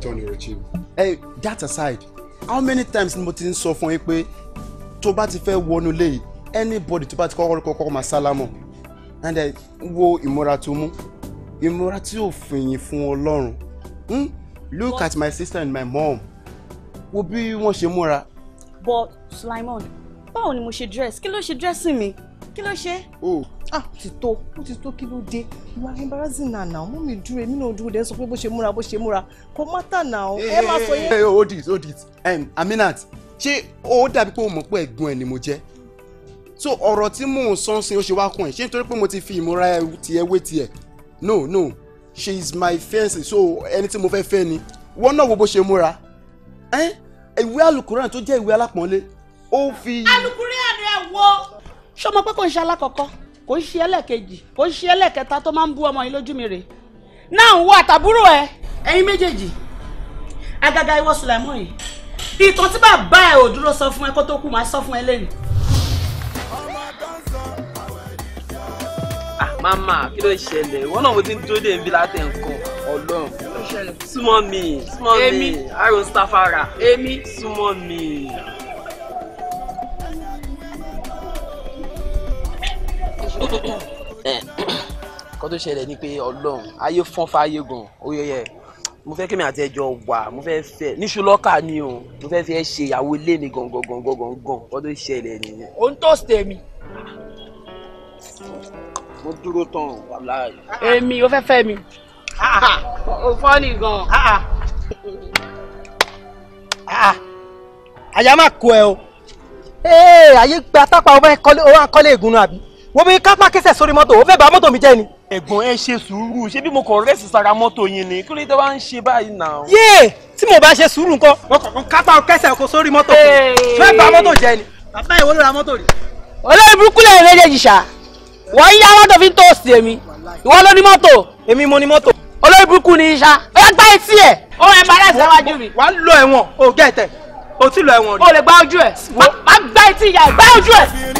return your achieve. ẹ that aside how many times ni mo ti ń sọ fún yín pé tó bá ti fẹ́ wọnú lé anybody tó bá ti kọ́kọ́ kọ́kọ́ máa sálámọ̀ and then wo ìmúra tó mú ìmúra tí ò fìyìn fún ọlọ́run hmm? look at my sister and my mom wo bí wọ́n ṣe múra. but Sulaimon báwo ni mo ṣe dress kí ló ṣe dressing mi kí ló ṣe. oh ah ó ti tó ó ti tó kí ló dé you are embarrassing na now mú mi dúró èmi náà dúró dé sọ pé bó ṣe múra bó ṣe múra kò mátà now ẹ má sọ yẹn. Eh, eh, hold it hold it aminat ṣé ó dàbí pé o mọ̀ pé ẹ̀gbọ́n ẹ̀ ni mo jẹ́ so ọ̀rọ̀ tí mò ń sọ ń sin ó ṣe wá kún ẹ̀ ṣé nítorí pé mo ti fi ìmúra tiẹ̀ wé tiẹ̀ no no she is my fiancée so ẹni tí mo fẹ́ fẹ́ ni wọ́n náà wo bó ṣe múra ìwé alukuran tó jẹ́ ìwé alápọ̀nlé ó fi. alukuran rẹ̀ wo. ṣọmọ pé kò ń ṣe alákọ̀ọ́kọ́ kò ń ṣe ẹlẹ́ẹ̀kejì kò ń ṣe ẹlẹ́ẹ̀kẹta tó máa ń bú ọmọ yìí lójú mi rè náà ń wo àtàbúrò ẹ ẹyin méjèèjì agaga ìwọ sùlẹmù yìí ìtàn tí bàbá ẹ ò dúró sọ fún ẹ kó tó kú máa sọ fún ẹ lẹ́yìn. Ah, màmá kí ló ṣẹlẹ̀ wọn náà mo ti ń dúró dé nbí látẹ̀ nǹkan ọlọ́run súnmọ́ mi súnmọ́ mi arosafara èmi súnmọ́ mi. kọ́ tó ṣẹlẹ̀ ni pé ọlọ́run ayé fọ́n fáyé gan oyeyẹ mo fẹ́ kémi àti ẹjọ́ wà mo fẹ́ fẹ́ níṣu lọ́kà ni o mo fẹ́ fi ẹ ṣe ìyàwó ilé mi gangan gangan gangan kọ́ tó ṣẹlẹ̀ nìyẹn. o ń tó ṣe mi. mo dúró tán wàláhì. èmi o fẹ́ fẹ́ mi. o fọ́ ni gan. àyà máa kó ẹ o ayé gba tápá o bá kọ́lé egun náà àbí wọ́n bí kápá kẹsẹ̀ sórí mọ́tò ó fẹ́ bà mọ́tò mi jẹ́ ni. ẹ̀gbọ́n ẹ ṣe sùúrù ṣé bí mo kàn rẹ́sì sára mọ́tò yín ni kí ló dé wá ń ṣe báyìí náà. yéè tí mo bá ṣe sùúrù nǹkan wọn kàn kápá kẹsẹ̀ kó sórí mọ́tò fẹ́ bà mọ́tò jẹ́ ni. bàbá ìwọ ló ra mọ́tò rí. olórí burúkú lè méjèèjì ṣá wọ́n yá mọ́tò fi ń tó òsì èmi ìwọ ló ní mọ́tò. èmi mo ní mọ́tò. olórí burúkú ni iṣá ó gbá etí ẹ̀ ó ẹ̀ bá rẹ̀ sẹ́wájú mi. wàá lọ ẹ̀wọ̀n o gẹ̀ẹ́tẹ̀ o ti lọ ẹ̀wọ̀n rí. o lè gbá ojú ẹ̀ má gbá etí ìyá ẹ̀ gbá ojú ẹ̀.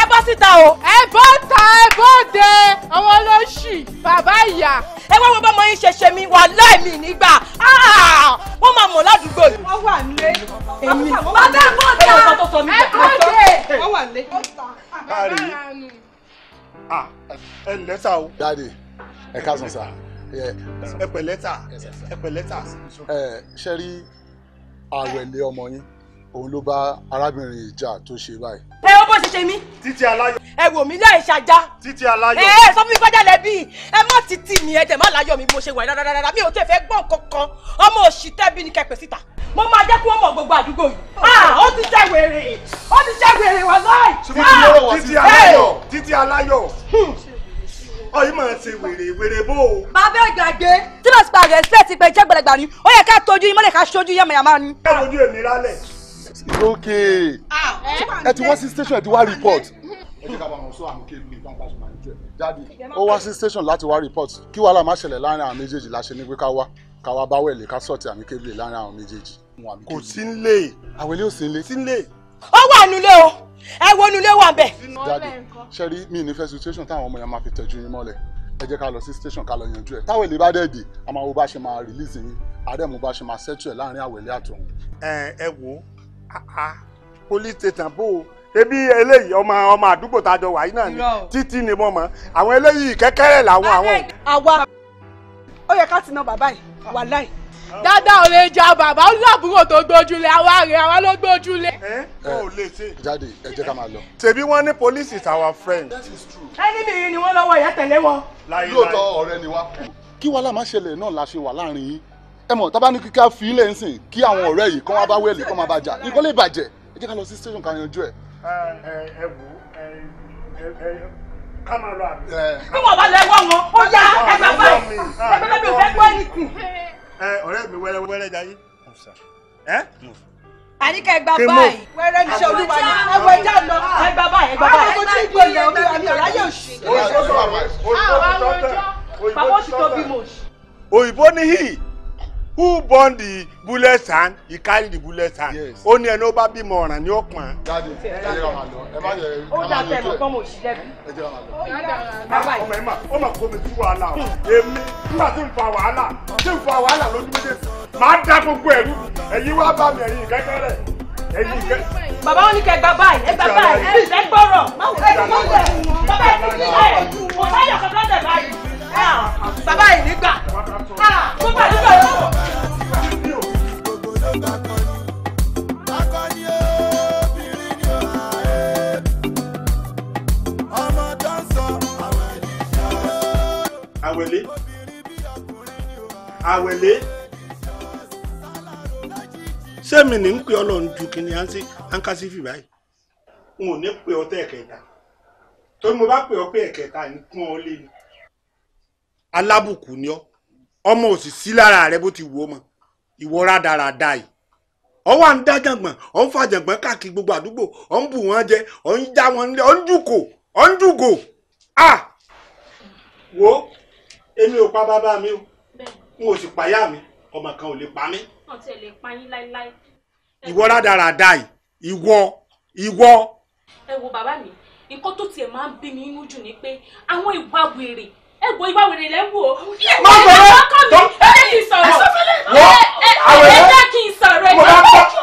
ẹ bọ́ síta o. ẹ bọ́ ta ẹ bọ́ de àwọn olóṣì bàbá ìyá. ẹ wá wọ́n bá ọmọ yín ṣe ṣe mi wà láìmí nígbà wọ́n ah! máa mọ̀ ládùúgbò yìí. wọ́n wà nílé èmi bàbá ẹ bọ́ ta ẹ bọ́ de wọ́n wà nílé. ẹ ǹlẹ́ sá o. dáàdi ẹ káàsán sá. ẹ pẹ̀lẹ́ sá ẹ pẹ̀lẹ́ sá. ẹ ṣe rí àwẹ̀lé ọmọ yín òun ló bá arábìnrin yìí jà tó ṣe báyìí. ẹ ó bó ṣe ṣe mí. títí aláyọ̀. ẹ wò mí láì ṣàjá. títí aláyọ̀. ẹ ẹ sọ fún mi gbọ́dọ̀ lẹ́bí ẹ má títí mi ẹ dẹ̀ má láyọ̀ mi bó ṣe wà rárá rárá mi ò tẹ̀ fẹ́ gbọ́n kankan ọmọ òṣì tẹ́bí ni kẹpẹ́ síta mo máa jẹ́ kí wọ́n mọ̀ gbogbo àdúgbò yìí. Oh, ah, ó ti jẹ́ wèrè ó ti jẹ́ wèrè wà láì. Ah! títí aláyọ̀ títí aláyọ̀ hmm. ọyí máa ṣe wèrè wèrè bó o. bàbá ìgbàgbé tí bàtí pa rẹ̀ sílẹ̀ ti pẹ́ jẹ́ gbẹ̀lẹ̀gbà ni ó yẹ ká tọ́jú yín mọ́lẹ̀ ká ṣojú yàmàyàmá ni. ká lójú èmi rálẹ̀ okay. ẹ ti wá sí station ẹ ti wá report. ẹ jẹ́ ká bá wọn sọ àmì kébù ó wá sí station láti wá report kí wàhálà má ṣẹlẹ̀ láàrin àwọn méjèèjì láṣẹ ní pé ká wá ká wá bá wẹ̀lẹ̀ ká sọ̀tì àmì kébù láàrin àwọn méjèèjì. kò sí ń lè. àwọn ilé ò sí ń lè. sí ń lè. ó wà nulẹ̀ o ẹ wo nulẹ̀ wà bẹ̀. jáde ṣẹ́rí mi ní fẹ́ situation táwọn ọmọ yẹn máa fi tẹ̀jú yín mọ́lẹ̀ ẹ jẹ́ ká lọ sí station ká lọ yanjú ẹ̀ táwọn èlé bá dẹ̀ dé a máa wo bá ṣe máa release yín àdẹ̀mú bá ṣe máa settle ẹ̀ láàrin àwẹ̀lẹ̀ àtọ̀hún. ẹ ẹ wo Ah, ah. police station bó o ebi eléyìí ọmọ ọmọ àdúgbò tájọ wàyí náà ni títí ni mo mọ àwọn eléyìí kẹkẹrẹ làwọn àwọn. àwa ó yẹ ká ti na bàbá yìí wà láì. Ah. dáadáa ò lè ja bàbá ó lábúrò tó gbójúlé àwa rè àwa ló gbójúlé. ẹ ò lè ṣe. jáde ẹ jẹ́ ká máa lọ. ṣebí wọ́n ní police is our friend. ẹni bìrì ni wọ́n lọ́wọ́ ìyá tẹ̀lé wọn. lóòótọ́ ọ̀rẹ́ ni wá. kí wàhálà má ṣẹlẹ̀ náà la ṣe wà láàrin yín ẹ mọ̀ tábà ní kíkà fi ilé ń sìn kí àwọn ọ̀rẹ́ yìí kọ́ máa bá wẹ̀lì kọ́ máa bá jà nǹkan lè bàjẹ́ ẹ jẹ́ ká lọ sí station ká yanjú ẹ̀. ẹ wò ẹ ká máa lọ àbí. bí wọn bá lọ ẹwọ wọn ó yá ẹgbẹ báyìí ẹgbẹ bẹ́ẹ̀ mi ò fẹ́ gbọ́ ẹnìkù. ọ̀rẹ́ mi wẹ́rẹ́ wẹ́rẹ́ jayé. àníkà ẹgbà báyìí wẹ́rẹ́ ní sọ́dúnwá ni ẹgbẹ́ já lọ ẹgbà báyìí ẹgbà báyìí. àwọn ọmọ tí ń gbọ́ ìyàwó mi ò ráyè òṣì. àwọn ọmọ òyìnbó ti tóbi mọ̀ òṣì. òyìnbó ni hì who born the bullet hand he carry the bullet hand ó ní ẹni ó bá bímọ ọ̀ràn ni ó pọ̀n. jáde ẹ yẹ ká máa lọ ẹ má yẹ ká máa lọ tó ẹ. ó dà tẹ̀mọ̀ pọ́n mo sì jẹ́bi. ẹ jẹ́ ká máa lọ. ọmọ ẹ ma ó ma kó mi sí wàhálà o èmi nígbà tí n fa wàhálà tí n fa wàhálà lójú méjèèjì màá dá gbogbo ẹ̀rú ẹ̀yin wá bá mi ẹ̀yin kẹ́kẹ́rẹ́ ẹ̀yin kẹ́. bàbá wọn ní kẹ́ gbà báyìí ẹ gbà báyìí ẹ gbọ́rọ̀ ẹ gbọ́rọ̀ bàbá ẹ ti fi ẹ kò sáyọ̀ kankan tẹ̀ báyìí bàbá yìí nígbà kó bá nígbà yóò. àwẹ̀lé àwẹ̀lé sẹ́mi ní ń pè ọ́ lọ́n ju kìnìún àǹsí àǹkásífì báyìí n ò ní pè ọ́ tẹ́ ẹ̀kẹta tó mo bá pè ọ́ pé ẹ̀kẹta ní kún ọ lé ni alábùkù ni ọ ọmọ òsì sí lára rẹ bó ti wù ọ mọ ìwọ rádaràda yìí ọ wà ń dájàngbọ̀n ọ ń fàjàngbọ̀n káàkiri gbogbo àdúgbò ọ ń bù wọn jẹ ọ ń já wọn nílẹ̀ ọ ń jùkò ọ ń jùgò à wo èmi ò pa bàbá mi o n ò sì pàyà mi ọmọ kan ò lè pa mí. ọtí ẹ lè pa yín láéláé. ìwọ rádaràda yìí ìwọ ìwọ. ẹ wo bàbá mi nǹkan tó tiẹ̀ máa ń bí mi nínú jù ni pé àwọn ìwà wèrè ẹ̀gbọ́n ìwà wèrè lẹ́ wò ó. má sọ̀rọ̀ ọkọ mi ẹ jẹ́ kí n sọ̀rọ̀ ẹ jẹ́ kí n sọ̀rọ̀ ẹ jẹ́ kí n sọ̀rọ̀.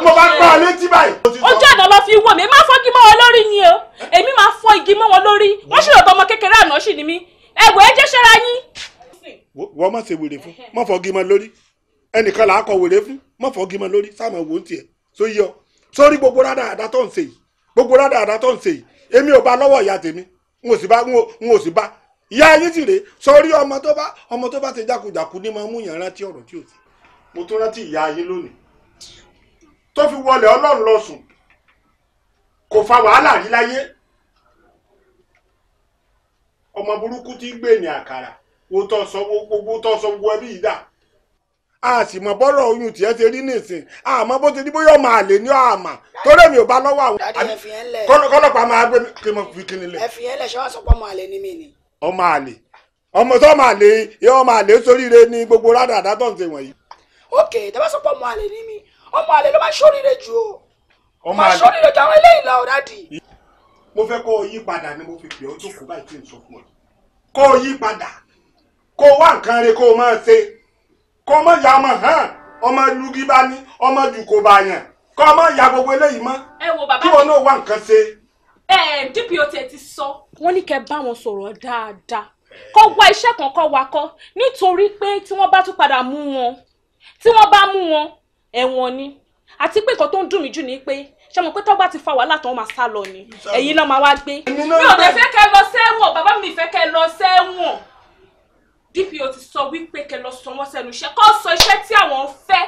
mo bá gbọ́ ọ létí báyìí. ojú ọ̀nà lọ fi wò mí má fọ́ igi mọ́ wọn lórí ni o èmi máa fọ́ igi mọ́ wọn lórí wọ́n sì lọ́tọ́ ọmọ kékeré àná sì ni mí ẹ̀wọ̀ ẹ jẹ́ ṣẹ́ra yín. wọ́n má ṣe wèrè fún má fọ́ igi mọ́ lórí ẹnìkan là á kọ wèrè fún má fọ́ igi mọ́ lórí sáàmù wò ó tiẹ̀ tó yẹ ọ sórí gbogbo rádàrádà tó ń ṣe yìí gbogbo rádàrádà tó ń ṣe yìí èmi ò bá lọ́wọ́ ìyá tèmi n ò sì bá n ò sì bá ìyá yín sì rèé sọrí ọmọ tó bá ọmọ tó bá ti jákujàku ní máa mú yàn rántí ọ̀rọ̀ tí ò sí mo tún rántí ìyá yín lónìí tó fi wọlé ọlọ́run lọ sùn kò fa wàhálà rí láyé ọmọ burúkú tí ń gbé ní àkàrà wo tó sọ gbogbo tó sọ gbogbo ẹbí yìí dà a sì mọ bọ́rọ̀ oyún tiẹ̀ ti rí nìsín àmọ́ bó ti di bóyá ọmọ àlè ní àmà torí èmi ò bá lọ́wọ́ àwọn kọ́lọ́pàá máa gbé kí n mọ̀ fi kí n lẹ̀. ẹ fi yẹn lẹ̀ ṣé wàá sọ pé ọmọ àlè ni mí ni ọmọ àlè ọmọ tó ọmọ àlè yẹ ọmọ àlè sóríire ní gbogbo rádàdà tó ń ṣe wọ̀nyí. ok tẹ́ bá sọ pé ọmọ àlè ni mí ọmọ àlè ló máa sóríire jù o ọmọ àlè sóríire jù àwọn eléyìí la ọ̀dà dì. mo fẹ́ kó o yí padà ni mo fi pè ọ́ tó kú báyìí tí n sọ fún ọ kó o yí padà kó o wá nǹkan rẹ kó o máa ṣe kó o má ya ọmọ hàn ọmọ lugi ọmọ jù kó o má ya gbogbo eléyìí mọ́ kí wọn náà wá nǹkan ṣe. Eh, DPO tẹ ti sọ. wọ́n ní kẹ́ bá wọn sọ̀rọ̀ dáadáa kọ́ wá iṣẹ́ kan kọ́ wa kọ́ nítorí pé tí wọ́n bá tún padà mú wọn tí wọ́n bá mú wọn ẹ̀wọ̀n ni àti pé nǹkan tó ń dùn mí jù ni pé ṣe mọ̀ pé tọ́gbà ti fa wàhálà tán máa sá lọ ni ẹ̀yin náà máa wá gbé. mi ò lè fẹ́ kẹ́ lọ sẹ́wọ̀n bàbá mi fẹ́ kẹ́ lọ sẹ́wọ̀n DPO ti sọ wípé kẹ́ lọ sọ wọ́n sẹ́nu iṣẹ́ kọ́ sọ iṣẹ́ tí àwọn fẹ́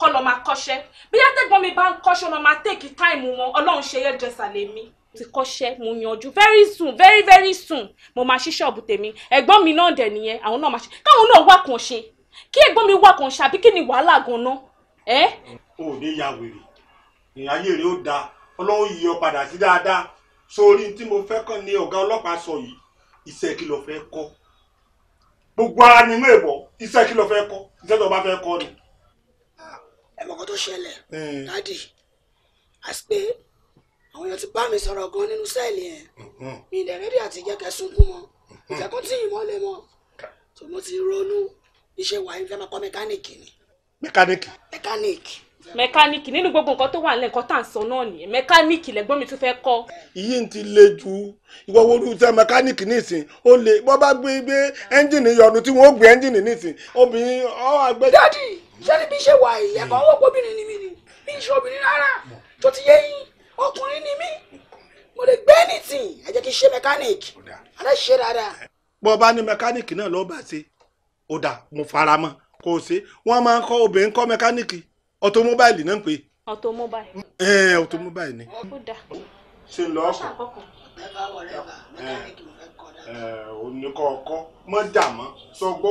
kọ́ lọ máa kọ́ṣẹ́ bí yàtẹ̀gbọ́n mi bá ń kọ́ṣẹ́ wọn máa tèkì táìmù wọn ọlọ́run ṣe yẹ́ dẹ́sà lèmi ti kọ́ṣẹ́ mo yanjú very soon very very soon mo máa ṣí ṣọ́ọ̀bù tèmi ẹ̀gbọ́n mi náà dẹ̀ nìyẹn àwọn náà máa ṣe káwọn náà wá kàn ṣe kí ẹ̀gbọ́n mi wá kàn ṣe àbí kí ni wàhálà gan-an ẹ́. o ò ní ya wèrè ìráyè rẹ ó dáa ọlọ́run yí ọ padà sí dáadáa sórí tí mo fẹ́ kàn ní ọ̀gá ọlọ́pàá sọ yìí iṣẹ́ kí lo fẹ́ kọ́ gbogbo ara nínú èèwọ̀ iṣẹ́ kí lo fẹ́ kọ́ iṣẹ́ àwọn èèyàn ti bá mi sọ̀rọ̀ gan nínú sẹ́ẹ̀lì yẹn mm-hmm. mi ìdẹ̀ rédí àti jẹ́kẹ́ sunkún mọ́ ìjẹ́kún mm-hmm. tí ìmọ̀ lẹ mọ́ tó mo ti ronú iṣẹ́ wàá fẹ́ máa kọ́ mẹkáníìkì ni. mẹkáníìkì. mẹkáníìkì. mẹkáníìkì nínú gbogbo nǹkan tó wà nílẹ̀ nǹkan tá à ń sọ náà nìyẹn mẹkáníìkì lẹ́gbọ́n mi tún fẹ́ kọ́. iye ń ti le ju ìwọ wo olùtẹ mẹkáníìkì nísìn ó lè bọ́ bá gbé gbé ẹ́ńjìnì yọnu tí wọ́n gbé ẹ́ńjìnì nísìn obìnrin ọ̀ àgbẹ̀. dádì sẹ́ni bí ṣe wà yìí ẹ̀kọ́ mm. wọ́pọ̀ obìnrin ni mí ni bí ìṣòbìnrin rárá mm. tó ti yẹ yín ọkùnrin ni mí mo lè gbé anything ẹ jẹ́ kí n ṣe mechanic alẹ́ ṣe dáadáa. bó bá ní mechanic náà lọ́ọ́ bá ṣe ó dà mo fara mọ́ kó o ṣe wọ́n máa ń kọ́ obìnrin kọ́ mechanic ọ̀tọ́móbáìlì náà ń pè. ọ̀tọ́móbáìlì. ẹ ọ̀tọ́móbáìlì ni. ó dà ṣe lọ ọkọ ẹ ẹ oníkọ ọkọ dà mọ sọgbọ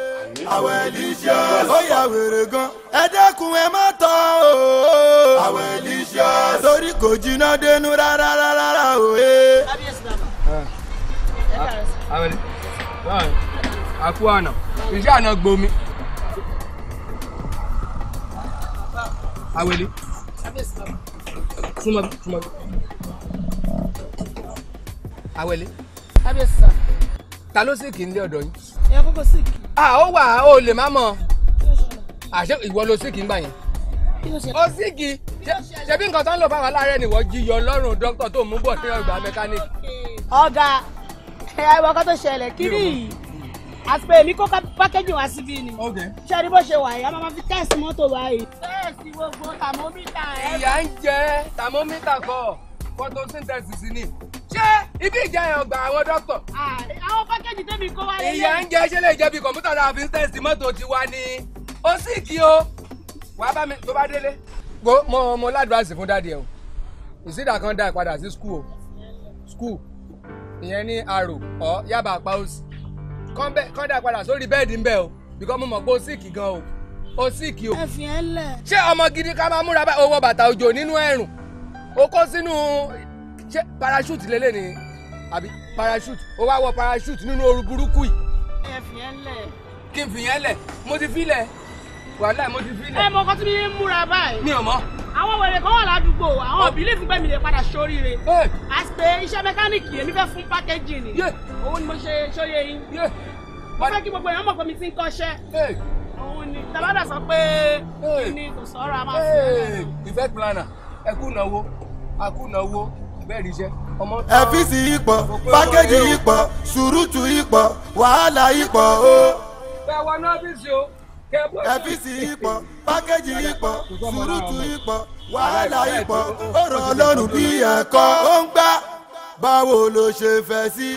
àwẹ̀ licious. ó yà wèrè gan. ẹ dẹ́kun ẹ má tán o. àwẹ̀ licious. torí kò jiná dénú rárá rárá o. àkú àná iṣẹ́ àná gbomi. àwẹ̀lí. súnmọ́ bí àwẹ̀lí. ta ló sì kì í lé ọ̀dọ̀ yín. ẹ̀yàn kókó sì kì a ah, ó wà ó lè má mọ àṣẹ ah, ìwọ ló síkì ń gbà yẹn ó síkì ṣebí nǹkan tó ń lò fáwọn aláàárẹ̀ ni wọ́n jiyọ lọ́rùn dókítà tó mú bọ̀ sílẹ̀ ọgbà ah, mẹkáníìkì. ọ̀gá ẹ̀rọ ọkọ tó ṣẹlẹ̀ kiri yìí àti pé èmi kó pákéjì wá síbí ni ṣé ẹni bó ṣe wà yìí a máa fi tẹ́sì mọ́tò wá yìí. tẹ́sì gbogbo tàmómítà ẹ̀. ìyá ń jẹ tàmómítà kọ photosynthesis ni ṣé ibi ìjà yẹn gba àwọn dókítà. Ah, àwọn pákéjì tẹ́mi kó wá lélẹ̀. ìyá ń jẹ ṣe lè jẹ bí kọ̀m̀pútà náà fi ń tẹ̀sí mọ́tò ti wá ní. o sì kí o wà á bá mi tó bá délé. mo mo mo ládùúrásì fún dáàdi ẹ o ìsídà kan dá ìpadà sí skul o skul ìyẹn ní arò ọ yaba àpá òsì kán dá ìpadà sórí bẹ́ẹ̀dì ń bẹ̀ o bìkọ́ mo mọ̀ pé o sì kí gan o o sì kí o. ẹ fi ẹ lẹ. ṣé ọmọ gidi ká máa múra bá owó bàtà òjò nínú ẹ̀rùn o kó sínú ṣé parachute lélẹ̀ ni àbí parachute o wá wọ parachute nínú ooru burúkú yìí. ẹ fìyẹn lẹ̀. kí n fìyẹn lẹ̀ mo ti fi lẹ̀ wàhálà mo ti fi lẹ̀. ẹ mọ ọkọ tí mi ń múra báyìí. mi ò mọ. àwọn wèrè kan wà ládùúgbò àwọn òbí lè fún pé mi lè padà sóríire. àṣìpé iṣẹ́ mẹkáníìkì èmi fẹ́ fún pákéjì ni. owó ni mo ṣe sóyè yín. mo fẹ́ kí gbogbo èèyàn mọ̀ pé mi ti ń kọ́ṣẹ́. òun ni tàbádà sọ pé kí ni kò sọ̀rọ̀ akúnáwó bẹ́ẹ̀rì iṣẹ́. ẹ̀fíìsì ipò pákéjì ipò ṣùrùtù ipò wàhálà ipò o. bẹ́ẹ̀ wọ náà bí sí o ẹfisi ipò pákéjì ipò sùúrùtù ipò wàhálà ipò ọ̀rọ̀ Ọlọ́run bí ẹ̀kọ́ ó ń gbá báwo ló ṣe fẹ́ sí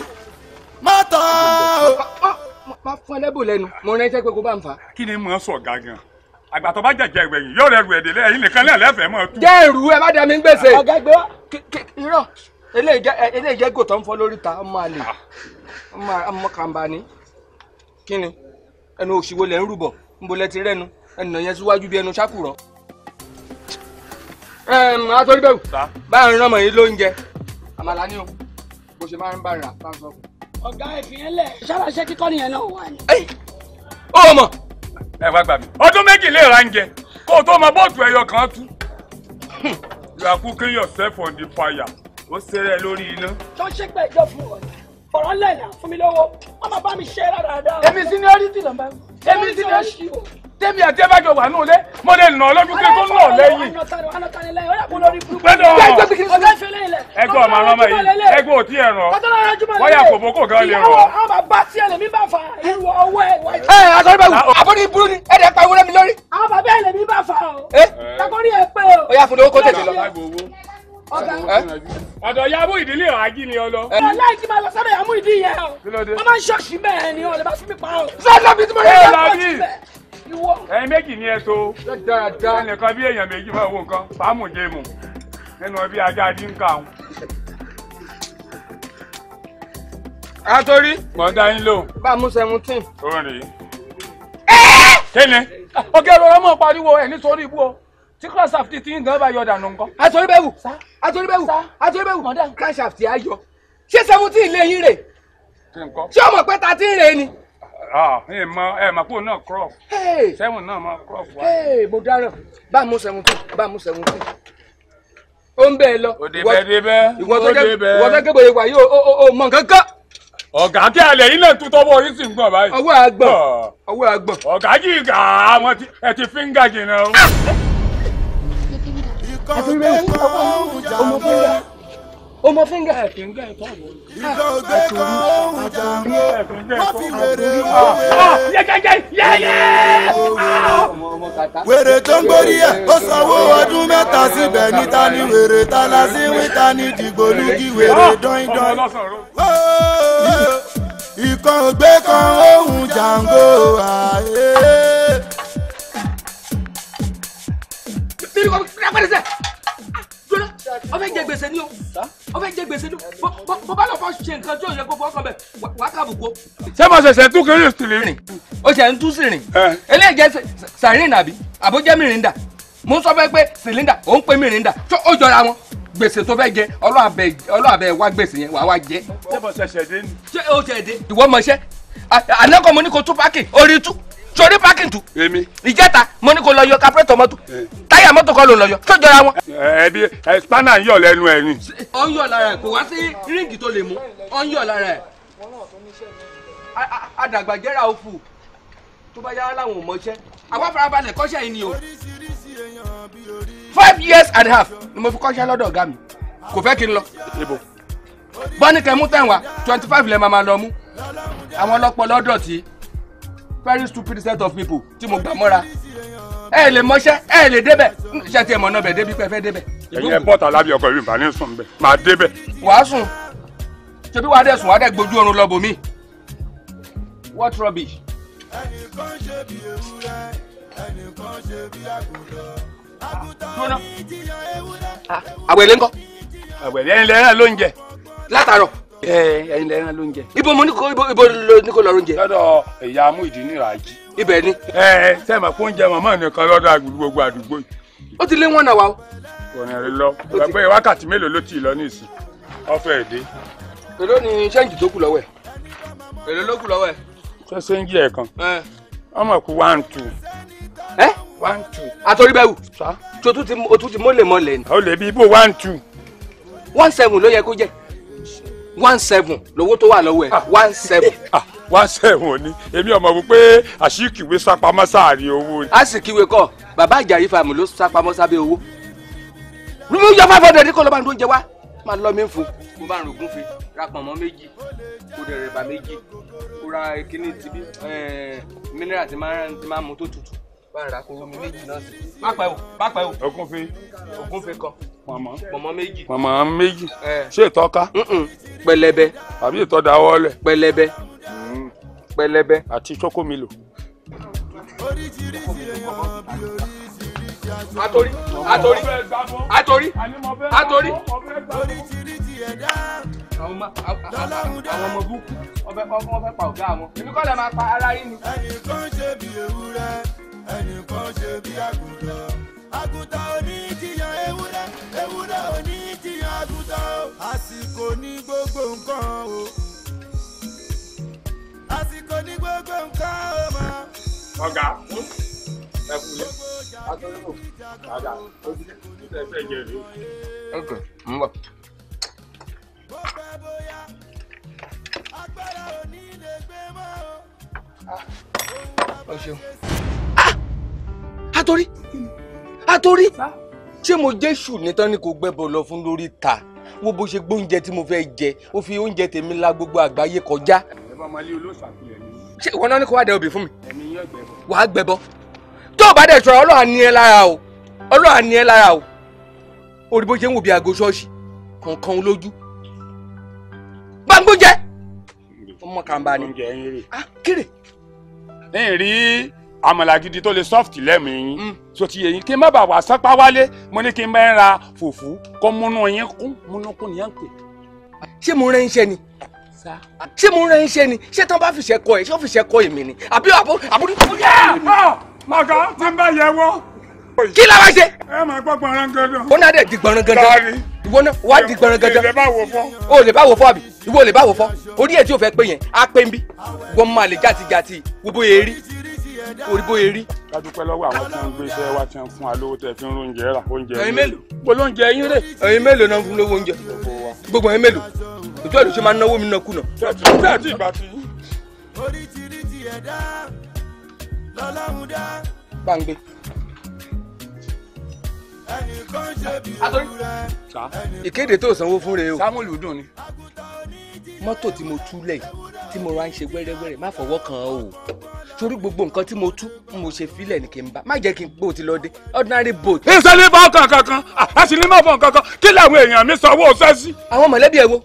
mọ́tò. má fọ́n lẹ́bù lẹ́nu mo rẹ́ jẹ́ pé kó bá ń fà. kí ni mo sọ gangan àgbà tó bá jẹjẹ ìwẹ̀yìn yóò rẹrù ẹ̀dẹ̀ lẹ́yìn nìkan lẹ́ẹ̀lẹ́fẹ̀ẹ́ mọ́ tu. jẹ́ ìrù ẹ má dá mi gbèsè. ọ̀gá gbọ́ irọ́ eléyìí jẹ́ gòtò ń fọ́ lórí ta ọmọ àlè ah. ọmọ kàǹbà ni kí ni ẹnu òṣìwò lẹ̀ ń rúbọ̀ ń bolẹ̀ ti rẹ́nu ẹnu yẹn síwájú bí ẹnu ṣákùrọ̀. àtọ́rí bẹ́ẹ̀ báyìí rán ọmọ yìí lóúnjẹ àmàlà ni o bó ṣe máa ń bá rìn àpá sọ. ọ̀gá ìfìyẹ́lẹ̀ ṣáláṣẹ́ kíkọ́ nìyẹn náà wà ní. ó mọ̀ ẹ wá gbà mí ọdún méjì lè ra oúnjẹ kó o tó mọ bóòtù ẹyọ kan tú. you are cooking yourself on the fire ó ṣeré lórí iná. tó ṣe pé ìjọ fún ọ ọ̀rọ̀ lẹ́yìn fún mi lówó wọ́n máa bá mi ṣe é rárá. èmi sí ni ó rí tìlọ̀ mọ́ èmi sí ni ó ṣì wò tẹ́mi àti ẹ bá jọ wà ní òlé mo lè nà ọ́ lójú pé tó ń nà ọ́ lẹ́yìn. gbẹ́dọ̀ ẹgbẹ́ ọmọ àwọn ọmọ yìí ẹgbẹ́ òtí ẹ̀ rán wáyà kòbó kò gan lè rán. ẹ àtọ́rí bá wù àbọ̀dé ìbúrú ni ẹ̀dẹ̀ pa ìwúrẹ́ mi lórí. àwọn bàbá ẹlẹ́mí bá fa o. kakori eh? ẹ pé o. ó yá fún mi kó tètè lọ eh? ọ̀dọ̀ ya mú ìdílé ọ̀hájí ni ọ lọ. ọláì tí ma lọ sọ́dọ̀ ya mú ìdí yẹn o. wọ́n máa ń ṣọ́ọ̀ṣì mẹ́ẹ̀ ni ọ̀lẹ́ bá fún mi pa o. sọ́dọ̀ mi tí mo rí ẹ̀ka pọ̀ ẹyin méjì ni ẹ so ẹnìkan bí èèyàn méjì máa wo nǹkan fàámù jéèmù nínú ẹbí ajá dín ká òun. àtòrí. mọ̀ dá yín lò. bá a mú seventeen. ó rìn. kéne. ọ̀gá ẹ̀rọ ọmọ pariwo ẹ̀ nítorí ibú o tí crossaft ti ń gan bá yọ dànù nǹkan. àtòrí bẹ́ẹ̀ wù àtòrí bẹ́ẹ̀ wù àtòrí bẹ́ẹ̀ wù mọ̀dá crossaft ayọ̀ ṣé seventeen lè yín rè. ṣé ọmọ pẹ́ ta ti ń rè ni. Ah, ẹ mọ ẹ mọ pé òun náà crop seven náà mọ crop wa. mo dáràn bá a mú seventeen bá a mú seventeen ó ń bẹ́ẹ̀ lọ ìwọ tó kébòye wà yóò ó mọ kankan. ọ̀gá kí alẹ́ yìí náà tún tọ́wọ́ orí sì ń gbọ̀n báyìí. ọwọ́ àgbọ̀n ọwọ́ àgbọ̀n. ọ̀gá kì í kà á wọn ẹ ti fíńgà jìnnà. àbúrò ọmọ bóyá ọmọ fíńgà ẹ̀fíńgà ẹ̀kọ́ àbọ̀. ìjọ òde kan jà mí wọ́n fi wèrè òwe. yẹ́kẹ́kẹ́ yẹ́yẹ́. wèrè tó ń gbórí ẹ̀ ó sanwó ọdún mẹ́ta síbẹ̀ níta ni wèrè tala sí wíta ni dìgbòlugi wèrè ah. dọ́ndọ́n. ìkan ògbé kan ohun jàǹgó àyè. bí mi fi kí n apẹ́rẹ́ o fẹ́ jẹ gbèsè ni o o fẹ́ jẹ gbèsè ni o bó bá lọ fọ ṣe nǹkan tí o yẹ kó fọ ọkàn bẹ wàá kàbùkù. ṣé mo ṣẹ̀ṣẹ̀ tún kiri ìsìlè rìn. o ṣẹ̀ ń tún sí rìn. eléyìí jẹ́ sàrín nàbí àbójẹ́ mìrìndà mo sọ fẹ́ pé sìlíndà ò ń pè mìrìndà tó ó jọra wọn gbèsè tó fẹ́ jẹ ọlọ́àbẹ̀ wá gbèsè yẹn wàá wá jẹ. ṣé mo ṣẹ̀ṣẹ̀ dé ni. ṣé o ṣẹ̀ dé. ìwọ mọ̀ ṣẹ́ àná kan mo ní ko tún pákì orí tún sori parking tu. èmi. ìjẹta mo ní kó lọ yọ kápẹ́tọ̀ mọ́tò eh. táyà mọ́tò kọ́ ló ń lọ yọ tó jọra wọn. ẹbí eh, eh, spanner ń yọ lẹ́nu ẹ̀ ni. ọ ń yọ lára ẹ kò wá sí ríǹgì tó lè mú ọ ń yọ lára ẹ. àdàgbàjẹ́ra òfù tó bá yára láwọn ò mọṣẹ́ àwọn farabalẹ̀ kọ́ṣẹ́ yìí ni o. five years and a half ni mo fi kọ́ṣẹ́ lọ́dọ̀ ọ̀gá mi kò fẹ́ kí n lọ. bọ́ni tẹ̀wá twenty five lẹ́ẹ̀ máa máa lọ mú àwọn ọlọ́pọ̀ lọ́dọ̀ tí very stupid set of people tí mo gbà mọ́ra ẹ lè mọṣẹ́ ẹ lè débẹ̀ ṣe ti ẹ̀mọ́ náà bẹ̀ débi pẹ́ fẹ́ débẹ̀. ẹ̀yin ẹ̀ bọ́ta lábẹ́ ọkọ̀ ìrìn ìbànú sùn bẹ́ẹ̀ máa débẹ̀. wàá sùn ṣebí wàá dẹ̀ sùn wàá dẹ̀ gbójú oorun lọ bòmí. what rubbish. ẹnìkan ṣe bí ewúrẹ́ ẹnìkan ṣe bí àgùntàn àgùntàn ní ìjìyà ewúrẹ́. Ah, àwẹ̀lẹ̀ ńkọ́. àwẹ̀lẹ̀ ńlẹ̀ náà ló ń jẹ. látàárọ̀ Eh, ẹyin lẹ́ran ló ń jẹ. ibo mo ní kó ibo ibo ló ní kó lọ oúnjẹ. lọ́dọ̀ ìyá Muyideen Raji. ibẹ̀ ni. Eh, eh, ẹ ẹ sẹ́mi kó oúnjẹ màmá nìkan lọ́dọ̀ gbogbo àdúgbò yìí. ó ti lé wọn náà wa o. ọ̀rìn rẹ lọ gbàgbé wákàtí mélòó ló ti lọ ní ìsìn ọ̀fẹ́ èdè. èló ni sẹ́ǹjì tó kù lọ́wọ́ ẹ̀. èló ló kù lọ́wọ́ ẹ̀. ṣé sẹ́ǹjì ẹ̀ kan. ọmọ kú one two. ẹ one two. àtọ́rí bẹ́ẹ̀ wù. sa. tó tún ti mọ́lẹ̀ mọ́lẹ̀ ni. ó lè bí ibo one two. one seven ló yẹ kó jẹ́ one seven lówó tó wà lọ́wọ́ ẹ̀ ah. one seven. Ah, one seven ni èmi ọmọ wò pé àṣìkìwé sápamọ́ sáàrin owó ni. àṣìkìwé kọ bàbá àjàyí fàmù ló sápamọ́ sábẹ́ owó mímú yọ five hundred kọ́ ló bá ń dún jẹ wá máa lọ mí fún. mo bá ń rògùn fi ra pọ̀nmọ́ méjì kó dẹ̀rẹ̀ bá méjì kó ra kíní tibí eh, mineral ti máa mú tó tutù bá ń ra kóró mi méjì náà sí. má pẹ́ o má pẹ́ o. ògúnfe ògúnfe kan pọ̀nmọ́ méjì. pọ̀nmọ́ méjì. ṣé ìtọ́ka. pẹlẹbẹ. àbí ìtọ́da wọlé. pẹlẹbẹ. Mm. pẹlẹbẹ. àti ṣókó milo. atori atori atori atori. àwọn ọmọ búkú ọbẹ̀ ọmọ fẹ́ pa ọ̀gá wọn. èmi kọ́ lè máa pa ara yín ni. ẹnì kan ṣe bí ewúrẹ́ ẹnì kan ṣe bí àgùntàn àgùntàn ò ní jiyàn ewúrẹ́ ewúrẹ́ ò ní jiyàn àgùntàn o. àsìkò ní gbogbo nǹkan o. àsìkò ní gbogbo nǹkan o mọ. ọ̀gá ẹ kúlẹ̀ akérèmọ ọ̀gá ojúlé nígbà ẹgbẹ́ jẹ rèé. ok n bọ. bó pẹ́ bóyá agbára ò ní lè gbé mọ́ o. ọ ah, ṣeun. a torí àtòrí ṣé mo jésù nìtàn ni kò gbẹ́bọ̀ lọ fún lórí ta wo bó ṣe gbóúnjẹ tí mo fẹ́ jẹ ó fi oúnjẹ tèmi la gbogbo àgbáyé kọjá. ẹ bá máa lé olóṣàfihàn mi. ṣé ìwọ náà ní kó wá dẹ obì fún mi. ẹ̀mí yín ọ̀gbẹ́bọ. wàá gbẹ́bọ tó o bá dẹ̀ sọ̀rọ̀ ọlọ́run ní ẹ lára o ọlọ́run ní ẹ lára o orí bó ṣe ń wò bí aago ṣọ́ọ̀ṣì kankan lójú. gbàngbó jẹ ọmọ kàǹbà ni. ah kéré. ẹ rí àmàlà gidi tó lè soft lẹ́mìí yín tó mm. ti yẹ yín kí n má bàa wà sápá wálé mo ní kí n bá ń ra fùfú kó múnú yín kún múnú kún ni yẹn ń pè. ṣé mo rẹ́ ń ṣe ni ṣé mo rẹ́ ń ṣe ni ṣé tán bá fìṣẹ́ kọ ẹ̀ ṣé ó fìṣẹ́ kọ èmi ni àbí àbó àbó. màgá ti ń bá yẹ wọ́. kí la wá ṣe. ẹ máa gbọ́ gbọ̀nrán gandan. ó náà dẹ̀ di gbọ̀nrán gandan ìwọ náà wá di gbọ̀nrán gandan. o lè bá wò fọ́ àbí ìwọ lè bá wò fọ́ orí ẹ̀ tí o fẹ́ pé yẹn á pé ń bí wọ́n máa lè jàtijàti gbogbo yẹn rí orí bóyá rí. lọ́wọ́ àwọn tí wọ́n gbé iṣẹ́ wa ti ń fún wa lówó tẹ̀ fi ń oúnjẹ rà oúnjẹ. ẹyin mélòó. polo oúnjẹ yín rè. ẹyin mélòó náà ń fún lówó oúnjẹ. gbogbo ẹyin mélòó. òtún àdùsí máa ń náwó mi náà kùnà. bẹ́ẹ̀ tí ìgbà tí. oríṣiríṣi ẹ̀dá lọ́lọ́run dá. gbàǹgbé ìkéde tó sanwó fún rèé o. samuel dùn ni mọ́tò tí mo tú lẹ̀ tí mo ra ń ṣe wẹ́rẹ́wẹ́rẹ́ má fọwọ́ kàn án o torí gbogbo nǹkan tí mo tú mo ṣe filẹ̀ ní kí n bá má jẹ́ kí n gbó lọ dé ordinary boat. iṣẹ́ ní bá ọkàn kankan a sì ní má fọ kankan kí làwọn èèyàn mi sanwó sẹ́sí. àwọn mọ̀lẹ́bí ẹ wo.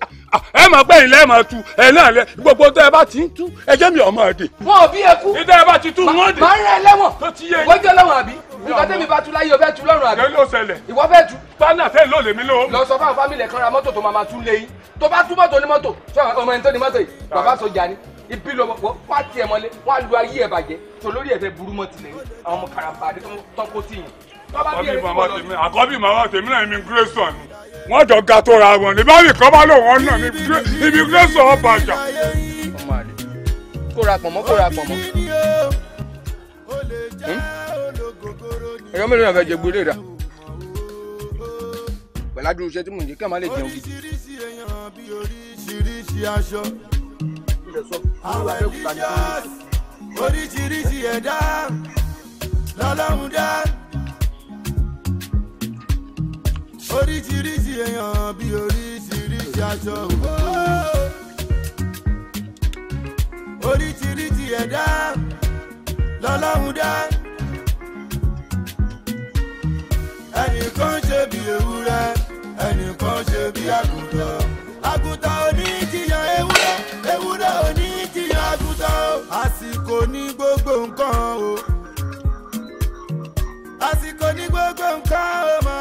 ẹ mọ̀ pé ilé mọ̀ tu ẹ náà lẹ gbogbo tẹ́ ẹ bá ti ń tú ẹ jẹ́ mi ọmọ ọ̀dẹ. wọn ò bí ẹ kú. ìdá ẹ bá ti tú wọn dé. màá rẹ lẹ́wọ̀n wọ́jọ́ lẹ́wọ̀n àbí ìgbà tẹ́mi bá tu láyé o fẹ́ tu lọ́rùn àbí. ló ṣẹlẹ̀. ìwọ fẹ́ tu. pánà tẹ́ ló lèmi ló. lọ sọ fáwọn fámìlì kan ra mọ́tò tó máa ma lé yín tó bá tú mọ́tò ní sọ ọmọ ẹni tó ní mọ́tò yìí bàbá sọjà ni ibi lọ wọ́n wá tiẹ̀ mọ́lé wọ́n lu ayé ẹ̀ bàjẹ́ tó lórí ẹ̀fẹ̀ burú mọ́ tilẹ̀ àwọn ọmọ wọ́n jọ ga tó ra wọn ní báyìí kọ́ bá lò wọ́n náà ní immigration ọ̀bàjà. ọmọ àlè kóra pọ̀nmọ́ kóra pọ̀nmọ́ ẹ̀yọ́ mélòó yàn fẹ́ jẹ gbélé rà pẹ̀ládùn iṣẹ́ tí mò ń jẹ́ kí àmà lè jẹun. oríṣiríṣi èèyàn bí oríṣiríṣi aṣọ. àwọn religious oríṣiríṣi ẹ̀dá lọ́lọ́run dá. oríṣiríṣi èèyàn bí oríṣiríṣi aṣọ. oríṣiríṣi ẹ̀dá lọ́lọ́run dá. ẹnìkan ṣe bí ewúrẹ́ ẹnìkan ṣe bi àgùntàn àgùntàn ò ní jiyàn ewúrẹ́ ewúrẹ́ ò ní jiyàn àgùntàn o àsìkò ní gbogbo nǹkan o àsìkò ní gbogbo nǹkan o mọ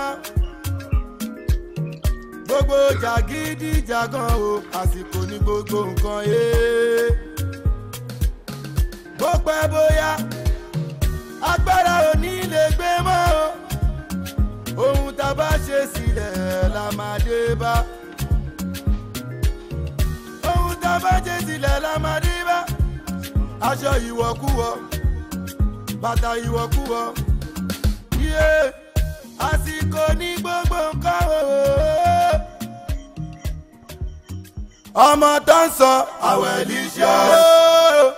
gbogbo jàgídíjàgan o àsìkò ní gbogbo nǹkan ee bó pẹ́ bóyá agbára ò lè gbé mọ́ o ohun tá a bá ṣe sílẹ̀ la máa dé bá. ohun tá a bá ṣe sílẹ̀ la máa dé bá. aṣọ ìwọ̀kuwọ̀ bàtà ìwọ̀kuwọ̀ yé àsìkò ní gbogbo nǹkan o. ọmọ tó ń sọ Awelicious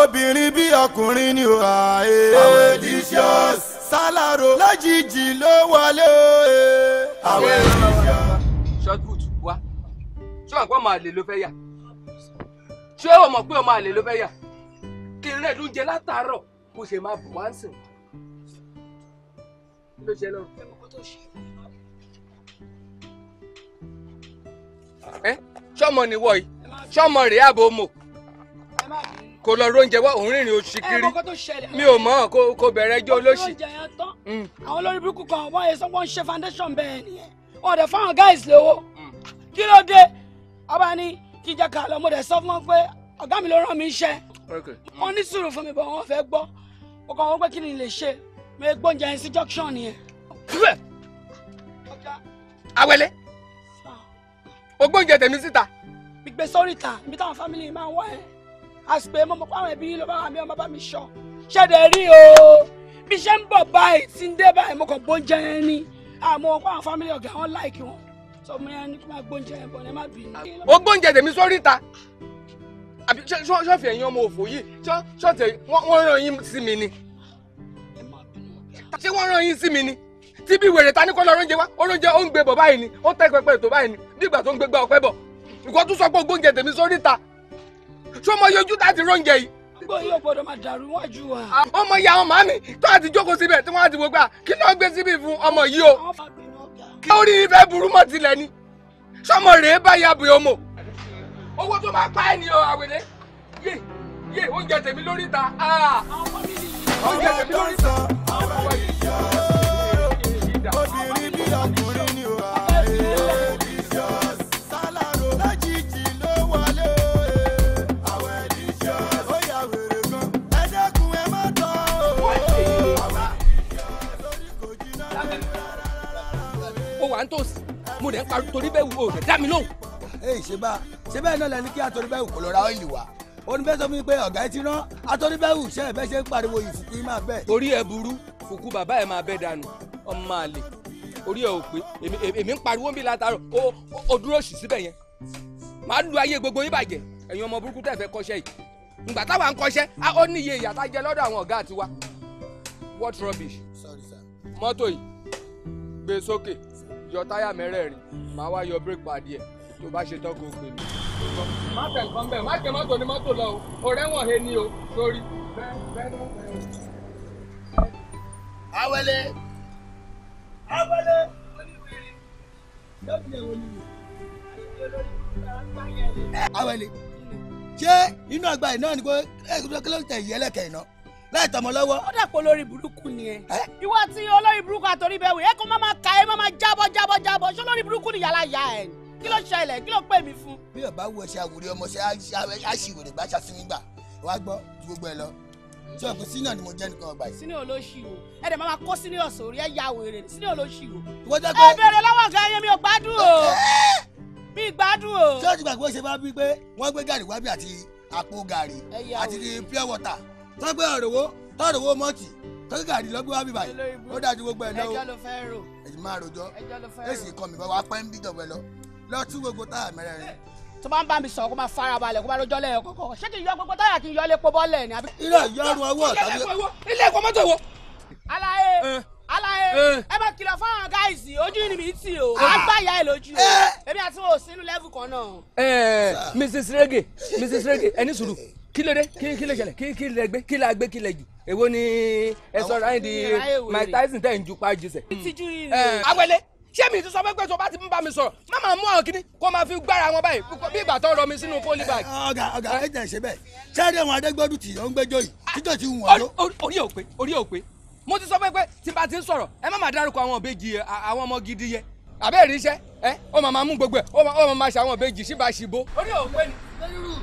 obìnrin bí ọkùnrin ni ó hà é. Awelicious sálárò lójijì ló wọlé o. àwọn èèyàn shortcut wá ṣé ọ̀pọ̀ ọmọ àlè ló fẹ́ yà ṣé o mọ̀ pé ọmọ àlè ló fẹ́ yà kí n rẹ̀ ló ń jẹ látàárọ̀ kó ṣe máa bù wá ń sìn ló ṣe lọ. ẹ ṣọmọ ni wọ yìí ṣọmọ rèé àbò mọ kò lọ róúnjẹ wá òun rìnrìn oṣù kiri mi ò mọ kó kó bẹ̀rẹ̀ ẹjọ́ olóṣì. Mm. àwọn olórí burúkú kan wọ́n yẹ sọ wọ́n ń ṣe foundation bẹ́ẹ̀ nìyẹn wọ́n dẹ̀ fáwọn guys lówó mm. kí ló dé ọba ni kí n jẹ́ ká lọ mo dẹ̀ sọ fún wọn pé ọ̀gá mi ló rán mi iṣẹ́ wọ́n ní sùúrù fún mi bọ́ wọ́n fẹ́ gbọ́ mo kàn wọ́n pé kí ni lè ṣe mo gbóúnjẹ yẹn sí junction nìyẹn. awẹ́lẹ́ o gbóúnjẹ síta. gbígbé sórí ta ibi táwọn fámìlì máa ń wá yẹn àsìkò èèmọ̀ mọ̀ fáwọn ẹbí ló bá wà mí ọmọ bá mi sọ ṣẹ̀dẹ̀ rí o bí ṣe ń bọ̀ báyìí ti ń dé báyìí mo kàn gbóúnjẹ yẹn ni àmọ́ wọn kó àwọn fámílì ọ̀gá wọn láìkí wọn sọ mi yẹn ni kó máa gbóúnjẹ yẹn bọ̀ ní ẹ má bínú. ó gbóúnjẹ tèmi sórí ìta àbí ṣọ́ọ̀fì ẹ̀yin ọmọ òfò yìí ṣọ́ọ̀tì wọ́n rán yín sí mi ni ṣé wọ́n rán yín sí mi ni tí bí wèrè ta ní kọ́ oúnjẹ wá oúnjẹ ó ń gbé bọ̀ báyìí ni ó tẹ́ pẹpẹ ètò báyìí ni bí ìgbà tó ń gbégbá ọpẹ́ bọ̀ ìkọ́ sọ pé ó gbóúnjẹ tèmi sórí ìta ṣé ọmọ yọjú láti rọ́ǹjẹ yìí. gbogbo yóò gbọdọ̀ máa dàrú wájú wa. ọmọ ìyá àwọn màmí tó àti jókòó síbẹ̀ tí wọ́n á ti wọ́n gbà kí náà gbé síbí fún ọmọ yìí o. kí orí ìfẹ́ burú mọ́ tilẹ̀ ni ṣọmọ rèé bá ya bùyọ̀ mọ̀. owó tó máa pa ènìyàn àwẹ̀lẹ́ yé yé oúnjẹ tèmi lórí ta oúnjẹ tèmi lórí ta. obìnrin bí ọkùnrin ni o. ń tòsí mo dẹ̀ ń parí torí bẹ́ẹ̀ wù ó dẹ̀ dá mi lóhùn. ee ṣèbá ṣèbá ẹ̀ náà lẹni kí àtọ́rí bẹ́ẹ̀ wù kó lọ ra ọ́ìlì wá ó ní bẹ́ẹ̀ sọ fún mi pé ọ̀gá ẹ ti rán àtọ́rí bẹ́ẹ̀ wù ṣe ẹ̀ bẹ́ẹ̀ ṣe ń pariwo ìfukú máa bẹ́ẹ̀. orí ẹ burú fùkú bàbá ẹ máa bẹ́ dànù ọmọ àlè orí ẹ ò pé èmi ń pariwo bí látàrọ ó dúró sí síbẹ̀ yẹn màá lu ayé gbogbo yín bàjẹ́ ẹ̀yin ọmọ burúkú tẹ̀ fẹ́ kọ́ṣẹ́ yìí ìgbà táwa ń kọ́ṣẹ́ a ó ní iye ìyà tá a jẹ lọ́dọ̀ àwọn ọ̀gá àtiwa what rubbish mọ́tò yìí gbé e sókè yọ táyà mẹ́rẹ̀ẹ̀rin màá wá yọ bírèkì pàdé ẹ̀ tó bá ṣe tán kó pè má tẹ̀ nǹkan bẹ́ẹ̀ má jẹ mọ́tò ní mọ́tò lọ o ọ̀rẹ́ he ni o sórí. awẹ́lẹ́ awẹ́lẹ́ oníwèrè ṣé inú àgbà yìí náà ni pé ẹ̀kúndókè ló ń tẹ̀ yẹ́lẹ̀kẹ̀ náà láì tọmọ lọ́wọ́. ó dàpọ̀ lórí burúkú ni ẹ. ìwọ ti olórí burúkú àtòrí bẹ́ẹ̀ wò ẹ kó má máa ka ẹ má máa jábọ́ jábọ́ jábọ́ ṣé olórí burúkú ni yàrá ya ẹ kí ló ṣẹlẹ̀ kí ló pè mí fún. bí ọba wo ẹsẹ àwòrán ọmọ ṣe àṣìwèrè gbà ṣàṣìwìngbà gbọ́ ju gbogbo ẹ lọ ṣé ọkùnrin sínú ni mo jẹ́ nìkan ọgbà yìí. sínú olóṣìwò ẹ dẹ̀ máa kó sínú ọ̀sán orí ẹ ya wèrè sínú olóṣìwò. ìwọ jẹ́ pé ẹ bèrè lọ́wọ́ ọ̀gá yẹn mi ò gbádùn o mi gbádùn o. ṣé o ti gbàgbọ́ ṣe bá bí pé wọ́n gbé gàrí wá àti àpò gàrí àti pure water tọ́gbẹ́ òrówó tọ́rọ̀wó mọ́tì tọ́gbẹ́ gàdí lọ́gbẹ́ yìí ó dájú gbogbo ẹ̀ lọ. ẹjọ́ máa rojọ́ èsì kan mi bá wa pẹ́ ń bí jọ̀bẹ lọ lọ tún gbogbo táyà mẹ́rẹ̀ẹ̀rin. tó bá ń bá mi sọ̀rọ̀ kó máa fara balẹ̀ kó máa rojọ́ lẹ́yìn kọ́kọ́ ṣé kì í yọ gbogbo táyà kì í yọ lépo bọ́ọ̀lẹ̀ ni. ilé ìyọrun ọwọ́ tàbí. ilé ẹ̀kọ́ mọ́tò wo. alaye eh. alaye eh. ẹ bá kìlọ̀ fáwọn gáìsì ojú ni mi ti o agbáyà ah. ẹ lójú o eh. èmi àti wọn sínú lẹ́fù kan náà. mrs rege mrs rege ẹni sùúrù Kilo de? Kilo kí ló ṣẹlẹ̀ kí Kilo gbé kilo ju? gbé kí ni ẹ sọ̀rọ̀ ayé di Mike Tyson tẹ̀ ń ju pa ju sẹ̀. ìtìjú yìí ni. awele ṣé mi ti sọ pé tó bá ti ń bá mi sọ̀rọ̀ má máa mú àwọn kìíní kó máa fi gbára wọn báyìí bí ìgbà tó rọ mi sínú pólí báyìí. ọ̀gá ọ̀gá ẹ jẹ́ ṣe bẹ́ẹ̀ sẹ́ẹ̀dẹ̀ wọn adégbọ́dù tí ó ń gbẹ́jọ́ yìí ah, títọ́ ti wù wọ́n ló. orí ò orí ò mo ti sọ pé tí n bá ti ń sọ̀rọ̀ ẹ má máa dárúkọ àwọn òbejì àwọn ọmọ gidi yẹn àbẹ́ẹ̀rí iṣẹ́ ẹ ó máa máa mú gbogbo ẹ̀ ó máa máa ṣe àwọn òbejì síbáṣibó. orí ò ni.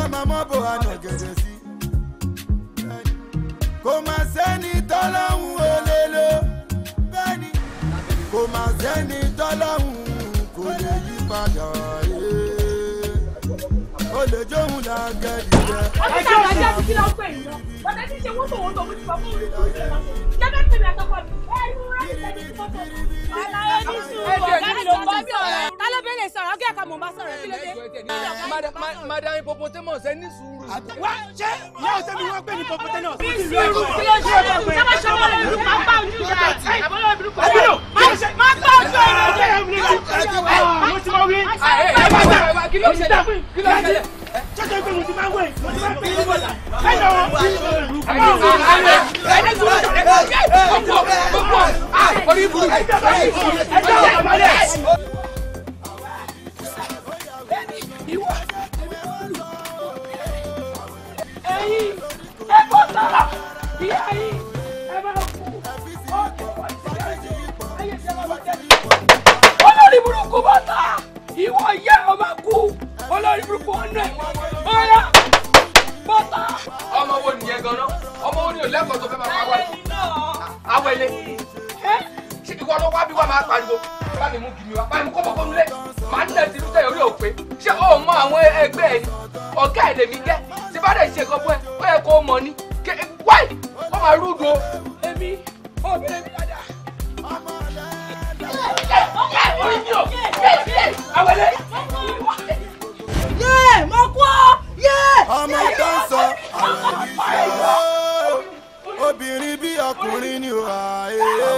bá màmá bò àná gẹ̀dẹ̀ sí. kò mà sẹ́ni tọ́lọ́hún ó lè kò mà sẹ́ni tọ́lọ́hún kò lè yí padà eh. ó lè jóhun làgẹ̀dì jẹ. ọ̀sẹ̀ àwọn ajá mi kí ló ń pè ọ̀sẹ̀ tí ń ṣe wọ́pọ̀ wọ́pọ̀ mo ti fọ́ fún orí tálábẹ́lẹ̀ madam hippopotamus ẹ ní sùúrù. wá ṣé ìyá ọ̀sẹ̀ mi wọ́n pè ní ẹyin ẹ olórí burúkú bọ́tà ìwọ ìyá ọmọ kú olórí burúkú ọ̀nà ọmọ wo nìyẹn ganan ọmọ wo ni olẹ́kọ̀ọ́ tó fẹ́ máa wá wáyé awẹ́lẹ́ ṣé ìwọ ló wá bí wá máa pariwo bá mi mú gidi wá bá mi kọ́ bọ́kọ́ nulẹ̀ màá nílẹ̀ tí lùtẹ̀ yóò yóò pé ṣé o mọ àwọn ẹgbẹ́ ẹ̀ ọ̀gá ẹ̀ lèmi gẹ́ tí bá dẹ̀ ṣe nǹkan fún ó yẹ kó mọ̀ ni wáyé ó máa rúdo. èmi obìnrin mi dáadáa orí ni o àwẹlẹ. yé mo kú ọ yé. ọmọ tó ń sọ àwọn ìṣe obìnrin bí ọkùnrin ni o àìyé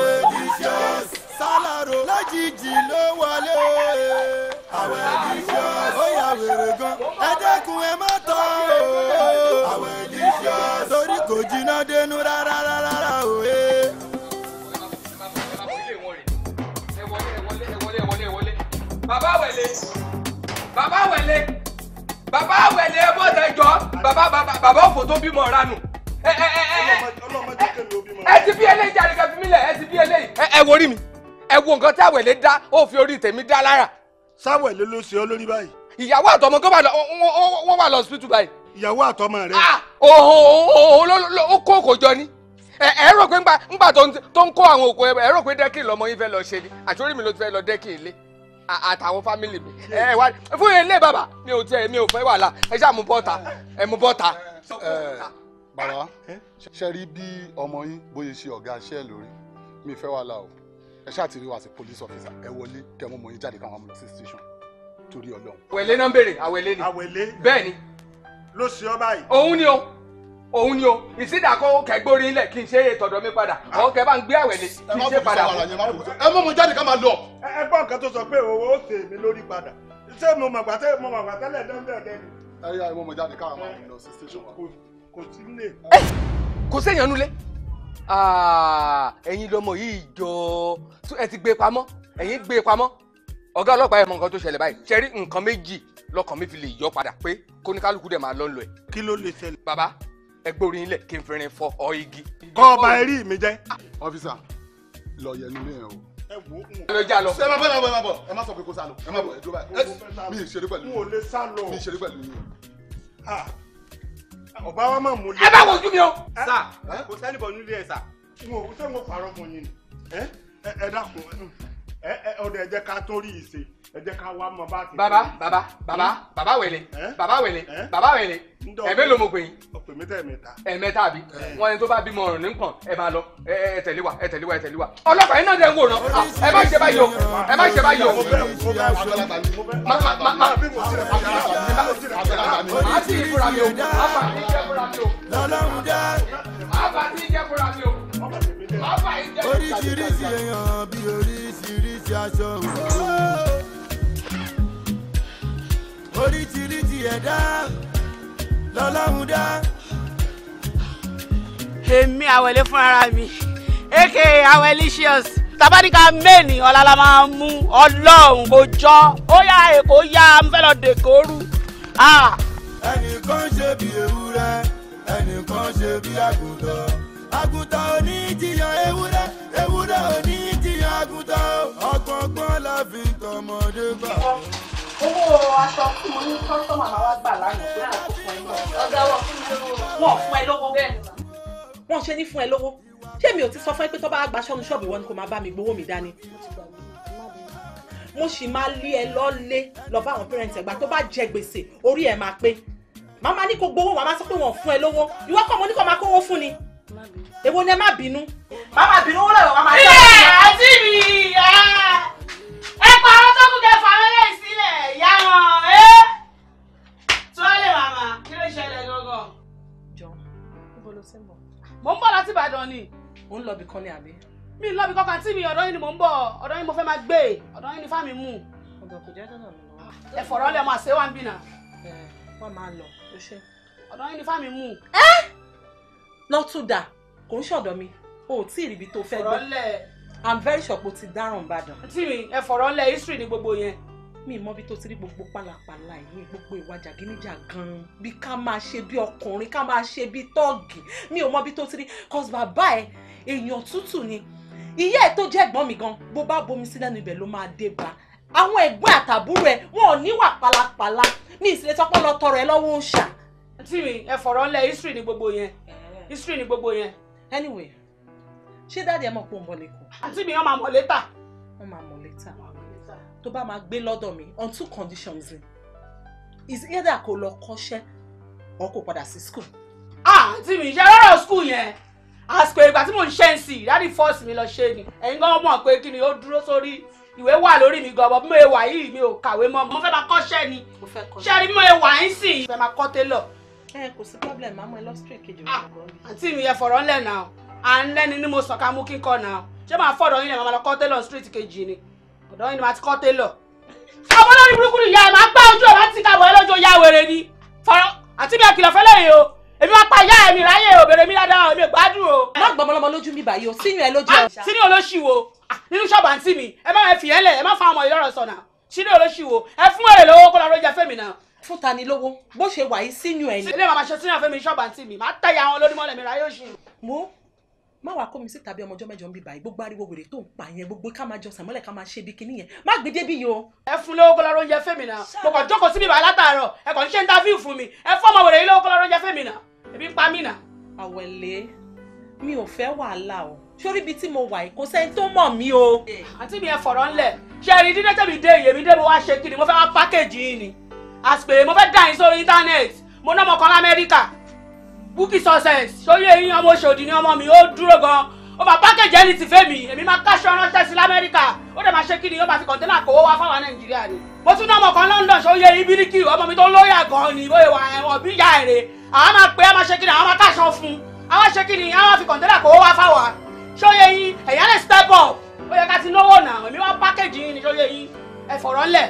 ìṣe sálárò lójijì ló wọlé eh. àwẹ̀ ìṣe ó yà wèrè bàbá wẹ̀lẹ̀ bàbá wẹ̀lẹ̀ bàbá wẹ̀lẹ̀ bó tẹ jọ bàbá bàbá òfò tó bímọ ranù. ẹ ẹ ẹ ẹ ẹ ti bí eléyìí jáde kẹfí mi lẹ ẹ ti bí eléyìí. ẹ wo rí mi ẹ wo nǹkan tí àwẹ̀lẹ̀ dá ó fi orí tèmi dá lára. sáwẹ̀ ló ló ṣe ọ́ lórí báyìí. ìyàwó àtọmọ wọ́n wà lọ hospital báyìí. ìyàwó àtọmọ rẹ. Ah, òhun ó kó òkò jọ ni ẹ rò pé ńgbà tó ń kó àwọn òkò ẹ rò pé dẹ́kì lọmọ yín fẹ́ lọ ṣe ni àti orí mi ló ti fẹ́ lọ dẹ́kì ilé àtàwọn fámìlì mi ẹ wá fún ilé bàbá mi ò tiẹ̀ mi ò fẹ́ wàhálà ẹ ṣáà mú bọ́ta ẹ mú bọ́ta. bàbá ah. ṣe rí bí ọmọ yín bóyá ṣe ọ̀gá iṣẹ́ lórí mi fẹ́ wàhálà o ẹ ṣáà ti rí wa police officer ẹ wọlé kẹ mọ́ mọ́ yín jáde káwọn lọ sí station torí ọlọ́run. àwẹ̀lé náà ń béèrè àwẹ̀lé ni bẹ́ẹ̀ ni. ló ṣe ọ báyìí. òun ni o òun ni o ìsídà kó kẹgbórí ilẹ̀ kí n ṣe tọ̀dọ̀ mi padà ọ̀ kẹ bá ń gbé àwẹ̀ lè kí n ṣe padà. ẹ mọ̀ mo jáde ká máa lọ. ẹ gbọ́ nǹkan tó sọ pé owó ó sè mí lórí padà ṣé mo mọ̀ gbàtẹ́ mo mọ̀ gbàtẹ́ lẹ̀ dẹ́ndẹ́ dẹ́ni. ẹ yá ẹ mo jáde káwọn máa lọ sí station wa. kò sí nílé. kò séèyàn nulẹ̀ ah, ẹ̀yin lọmọ yìí jọ ẹ ti gbé pamọ́ ẹ̀yin gbé pamọ́ ọ̀gá ọlọ́pàá ẹ̀ mọ̀ nǹkan tó ṣẹlẹ̀ báyìí ṣẹ́rí nǹkan méjì lọkàn mi fi lè yọ padà pé kóníkálukú dẹ̀ máa lọ́nlọ́ ẹ̀. kí ló lè ṣẹlẹ̀. bàbá ẹgbẹ́ orin ilẹ̀ kí n fẹ́rin fọ ọ igi. kọ́ ọba ẹrí mi jẹ́. ọ́fíìsà ah, lọ yẹnu ní ẹ o. ẹ wo n ò. ẹ jà lọ. ẹ má bọ̀ ẹ má bọ̀ ẹ má bọ̀ ẹ má sọ pé kó sá ẹ má bọ̀ ẹ dúró báyìí. mi ì ṣeré pẹ̀lú mi. n ò lè sá lọ. mi ì ṣeré pẹ̀lú mi. ọba wa máa mú lé. ẹ bá wojú mi o. sà kò sẹ́ni bọ̀ nílé ẹ̀ sà. n ò sẹ́ni mo pààrọ̀ fún yín ni. ẹ ẹ dákun ẹ ẹ ọdọ ẹ jẹ́ ká tó rí ìṣe ẹ jẹ́ ká wá mọ bá ti. bàbá bàbá bàbá bàbá wẹlẹ bàbá wẹlẹ bàbá wẹlẹ ẹmẹ ló mo pè yín. ọ̀pẹ̀ mẹ́ta ẹ̀mẹ́ta. ẹ̀mẹ́ta àbí wọn ẹni tó bá bímọ ọ̀rùn ní kàn ẹ máa lọ ẹ tẹ̀lé wa ẹ tẹ̀lé wa ẹ tẹ̀lé wa. ọlọ́pàá yín náà ń wò náà ẹ má ṣe báyìí o ẹ má ṣe báyìí o. má má má má má ti ìfura mi o má bá ti jẹ́ fura mi o. lọ́lọ́run dá. má bá ti jẹ́ fura mi o. má bá ti jẹ́ fura mi o. oríṣiríṣi èèyàn bí orí aṣọ oríṣiríṣi ẹ̀dá lọ́lọ́run dá. èmi àwẹ̀lé fúnra mi aka awelicious tabanika mẹ́ni ọ̀làlà máa mú ọlọ́run kò jọ ó yá èkó yá mo fẹ́ lọ dèkóru. ẹnìkan ṣe bí ewúrẹ́ ẹnìkan ṣe bí àgùntàn àgùntàn ò ewúrẹ́ ewúrẹ́ ò ọgbọ́n la fi tọmọdé bá. owó aṣọ tí mo ní kọ́sọ́mà máa wá gbà lánàá pé kò fún ẹ lọ́wọ́. ọ̀gá wọn fún mi lówó. wọn fún ẹ lówó bẹ́ẹ̀ ni. wọn ṣe ní fún ẹ lówó ṣé mi ò ti sọ fún ẹ pé tó bá gba aṣọ ní ṣọ́ọ̀bù wọn ni kò máa bá mi gbowó mi dání mo sì máa lé ẹ lọ́lé lọ bá àwọn pẹ́rẹ́ǹtì ẹ̀gbá tó bá jẹ gbèsè orí ẹ̀ máa pé màmá ní kò gbowó màmá sọ pé wọ́n fún ẹ lówó ìwọ kọ́ mo ní kó máa kówó fún ni èwo ni ẹ má bínú màmá bínú ó lọ́wọ́ màmá yọ. ilé àti mi. Ah! ẹ pa àwọn tó kù kẹ fà wọn lẹ́yìn sílẹ̀ ìyá wọn ẹ tí wọn lè màmá kí ló ṣẹlẹ̀ gangan. jọ níbo ló ti ń bọ̀. mò ń bọ̀ láti Ìbàdàn ni. ò ń lọ ibì kan ni àbí. mi ń lọ ibì kankan tí mi ọ̀dọ́ yín ni mò ń bọ̀ ọ̀dọ́ yín mo fẹ́ máa gbé ọ̀dọ́ yín ni fáàmì mú. ọ̀dọ̀ kò jẹ́ dandan lọ. ẹ fọ̀rọ̀ lẹ́ máa ṣe wá ń bìnà. ẹ wọ́n máa lọ ó ṣe. ọ̀dọ́ yín ni fáàmì mú. ẹ lọ́tún dà kò ń ṣọ̀dọ̀ mi o ò tí ì ríbi tó fẹ́ gbé. ọ̀rọ̀ lẹ̀ i'm very sure pé o ti dáràn ìbàdàn. tí mi ẹ fọ̀rọ̀ lẹ history ni gbogbo yẹn. mi mọ bí tó ti rí gbogbo pálapàla yìí gbogbo ìwà jàgídíjà gan-an bí ká máa ṣe bí ọkùnrin ká máa ṣe bí tọ́ọ̀gì mi ò mọ bí tó ti rí cos bàbá ẹ èèyàn tútù ni ìyá ẹ tó jẹ́ ẹ̀gbọ́n mi gan bó bá bomi sí lẹ́nu ibẹ̀ ló máa dé bá àwọn ẹ̀gbọ́n àtàbúrò ẹ wọn ò níwà pálapàla ní ìsìlẹ̀ tọ́pọ̀ lọ tọrọ ẹ lọ́wọ́ òòṣà. tí mi ẹ fọ̀rọ̀ lẹ history ni gbogbo yẹn eh. history ni gbogbo yẹn. anyway ṣé dáàdi ẹ mọ̀ pé òun bọ̀ lẹ́kọ̀ọ́. àǹtí mi wọ́n máa mọ̀ létà. wọ́n máa mọ̀ létà tó bá máa gbé lọ́dọ̀ mi on two conditions ni is either kò lọ kọ́ṣẹ́ or kò padà sí school. Ah, àǹtí mi ṣe lọ́rọ̀ school yẹn àsìkò ìgbà tí mò ń ṣe ń sìn dáàdi fọ́ọ̀sì mi lọ ṣe ni ẹ̀yin gan mọ̀ pé kí ni ó dúró sórí ìwé wà lórí mi gan bí mo ṣe wà yìí mi ò kàwé mọ́ mo fẹ́ máa kọ́ṣẹ́ ni ṣe rí bí mo ṣe wà ń sìn ìfẹ́ máa kọ́ télọ̀. ẹ eh, kò sí problem máa mú ẹ lọ street kejì. Ah, àǹtí mi ẹ fọ̀rọ̀ ńlẹ̀ náà à ń lẹ́ni ní mo sàn ká mú kí n kọ́ náà ṣé màá fọ̀dọ̀ yín lè máa lọ kọ́ tẹ́lọ̀ street kejì ni ọ̀dọ̀ yín ni màá ti kọ́ tẹ́lọ̀. àwọn olórí burúkú ni ìyá ẹ̀ máa gbá ojú ẹ̀ máa ti kàwé lọ́jọ́ ya wèrè ni fọ̀rọ̀ àti bí akìlọ̀ fẹ́lẹ̀ yìí o èmi máa pa ìyá ẹ̀ mi ráyè obìnrin mi dáadáa èmi gbádùn o. má gbọmọlọmọ lójú mi báyìí o sínú ẹ lójú ọ. Ah, sínú olóṣìwò ah, nínú ṣọ́ọ̀bù àǹtí mi ẹ má fi ẹ lẹ̀ ẹ má fa ọmọ ìlọrọ̀ sọ̀nà sínú olóṣìwò ẹ fún èrè lówó kó lọ lójú ẹ fẹ́mi náà fún ta ni lówó bó ṣe wà yìí sínú ẹ ni. ilé màmá ṣe sínú àfẹ́mi ṣọ́ọ̀bù àǹtí mi máa tẹ̀yà àwọn olódìmọ́lẹ̀ mi ráyè òṣì. mo má wàá kó mi síta bí ọmọjọ́ mẹ́jọ ń bí báyìí gbogbo ariwo wèrè tó ń pa yẹn gbogbo ká máa jọ sàmọ́lẹ̀ ká máa ṣe bí kinní yẹn má gbé débi yìí o. ẹ fún lówó kọlọrọ oúnjẹ fẹmi náà mo kàn jókòó síbi bàá látàárọ̀ ẹ kàn ń ṣe interview fún mi ẹ fún ọmọ wèrè yìí lówó kọlọrọ oúnjẹ fẹmi náà ebi ń pa mí náà. àwẹ̀lé mi ò fẹ́ wàhálà o sórí ibi tí mo wà yìí kò sẹ́ni tó mọ̀ mí o. àǹtí mi ẹ fọ̀rọ̀ ńlẹ̀ ṣe mo wá ṣe ni àsìpè mo fẹ́ dà yín sórí íńtánẹ́ẹ̀tì mo ná ọmọ Bukky success sórí eyín ọmọ Òṣòdì ni ọmọ mi ó dúró gan ó máa pákẹ́jì ẹni ti fẹ́mi èmi máa káṣọ ránṣẹ́ sí l'Amẹ́ríkà ó dẹ̀ máa ṣe kí ni ó máa fi kọ̀ǹtẹ́nà kówó wá fáwọn Nàìjíríà ni. mo tún ní ọmọ kan London sórí eyín Bíríkì ọmọ mi tó lóyà gan ni ìwé ìwà ẹ̀wọ̀n bí ìyá èrè àwọn máa pè é máa ṣe kí ni àwọn máa káṣọ fún àwọn ṣe kí ni àwọn fi kọ̀ǹtẹ́nà kówó wá fáwọn sórí eyín ẹ̀yà lè step up ó yẹ ká ti náwó náà èmi wá pákẹ́jì yín ni sórí eyín ẹ̀fọ̀rọ̀ lẹ̀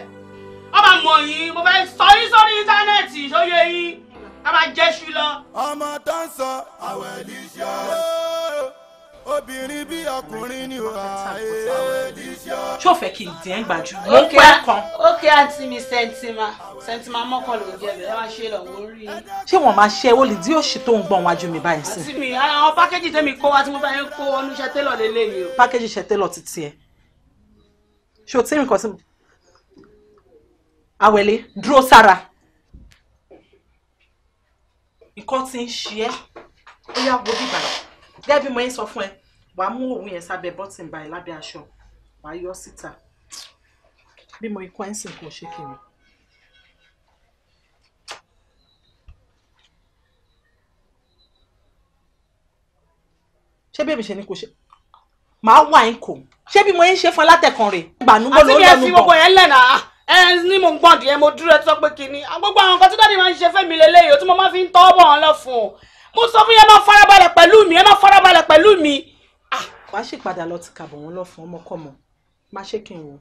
ọmọ mọ̀ yín mo fẹ́ sọ yín sórí íńtánẹ́ẹ̀tì sórí eyín a máa jẹ́ ṣu lọ. ọmọ tó ń sọ àwẹ̀ líṣọ́ obìnrin bí ọkùnrin ni wà é líṣọ́. ṣó fẹ́ kí n dín gbàjú mo ń pẹ́ kan. ókè àǹtí mi sẹ́ńtìmá sẹ́ńtìmá mọ́kànlá òjì ẹ̀bẹ̀ ẹ máa ṣe lọ́wọ́ rí i. ṣé wọ́n máa ṣe owó lè dí òṣì tó ń gbọ̀n wájú mi báyìí sí. àǹtí mi àwọn pákéjì tẹ́mi kó wa tí mo bá yẹn kó ọdún iṣẹ́ télọ̀ lélẹ́yìí o. pákéjì iṣẹ́ télọ̀ ti tiẹ̀ ṣó tí nǹkan sí. àwẹ̀lé dúró sára nǹkan ti ń ṣe ẹ́ ó yá wo bíbà gẹ́gẹ́ bí mo yín sọ fún ẹ wàá mú òwú yẹn sábẹ́ bọ́tìn báyìí lábẹ́ aṣọ wàá yọ síta bí mo ikú ẹ̀ ń sìn kò ṣe kiri. ṣé bébì ṣe ni kò ṣe máa wà ń kò ṣé bí mo yín ṣe fún alátẹ̀kàn rè. àti mi ẹ fi gbogbo yẹn lẹ̀ ẹ ní mò ń gbọ́n díẹ̀ mo dúró ẹ sọ pé kinní gbogbo àwọn nǹkan tí dáàdi máa ń ṣe fẹ́mi lélẹ́yìí tí mo máa fi ń tọ́ bọ̀ lọ fún un mo sọ fún yẹn máa farabalẹ̀ pẹ̀lú mi ẹ máa farabalẹ̀ pẹ̀lú mi. Ah! wà á sì padà lọ ti kàbọ̀ wọn lọ fún ọmọkọ́mọ má ṣe kí n wò.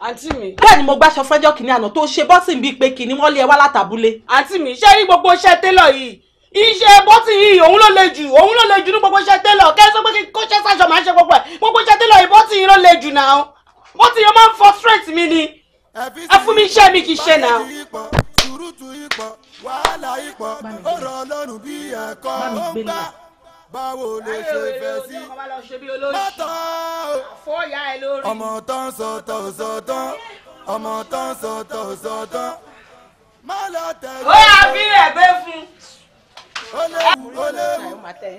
àǹtí mi. bẹ́ẹ̀ ni mo gbàṣọ fẹ́jọ́ kìíní àná tó ṣe bọ́tìn bíi pé kìíní wọ́n lé ẹ wá látàbúlé. àǹtí mi ṣé rí gbogbo iṣẹ́ télọ̀ yìí iṣẹ́ bọ́tìn yìí òun ló le jù òun ló le jù ní gbogbo iṣẹ́ télọ̀ kẹ́sọ́ pé kó ṣe sáṣọ máa ṣe wọ́n ti yọ máa ń frustrate mi ni ẹ fún mi iṣẹ́ mi kì í ṣe náà. wàhálà ipò ó rọ ọlọ́run bí ẹ̀kọ́ ó ń gbà báwo ló ṣe fẹ́ sí. mọ́tò ọmọ tó ń sọ tó ọmọ tó ń sọ tó má lọ tẹ̀lé. ó yà á bí ẹ̀gbẹ́ fún un ó léwu ó léwu. ẹ máa tẹ ń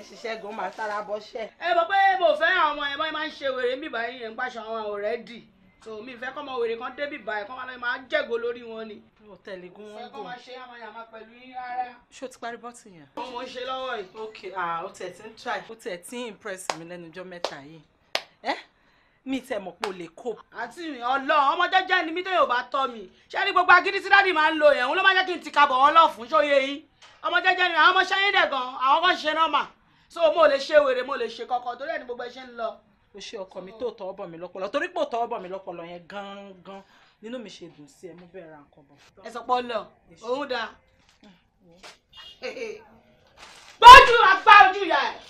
ṣiṣẹ́ so mi fẹ́ kọ́ wèrè kan débì báyìí kọ́ máa lọ́ọ́ máa jẹ́go lórí wọn ni. o tẹ̀lé gún wọn gùn. fẹ́kọ́ máa ṣe àmàyàmá pẹ̀lú yín rárá. ṣé o ti parí bọ́tì yẹn. mo ń ṣe lọ́wọ́ yìí. ok ah o tẹ̀ ti ń try. o tẹ̀ ti ń impress mi lẹ́nu ọjọ́ mẹ́ta yìí. ẹ́ mi tẹ mọ̀ pé o lè kó. àti ọlọ́run ọmọ jẹ́jẹ́ ni mí tó yóò bá tọ́ mi ṣé ní gbogbo agídí tí dáàdì máa ń lo ẹ̀hún ló máa jẹ́ kí n ti kabọ̀ wọn lọ́ọ̀fún ṣóye yìí ọmọ jẹ́jẹ́ ni àwọn ọmọ ṣẹ́yìn dẹ̀ gan àwọn kan ṣe nọ́mà so mo lè ṣe wèrè mo lè ṣe kọ̀kọ̀ torí ẹ̀ ni gbogbo ẹ ṣe ń lọ. o ṣe ọkọ mi tó tọwọ́ bọ̀ mí lọ́pọlọ torí pò tọwọ́ bọ̀ mí lọ́pọlọ yẹn gan nínú mi ṣe dùn sí ẹ mo bẹ̀rẹ̀ ra nǹkan bọ̀. ẹ sọ pé ó lọ òun dáa.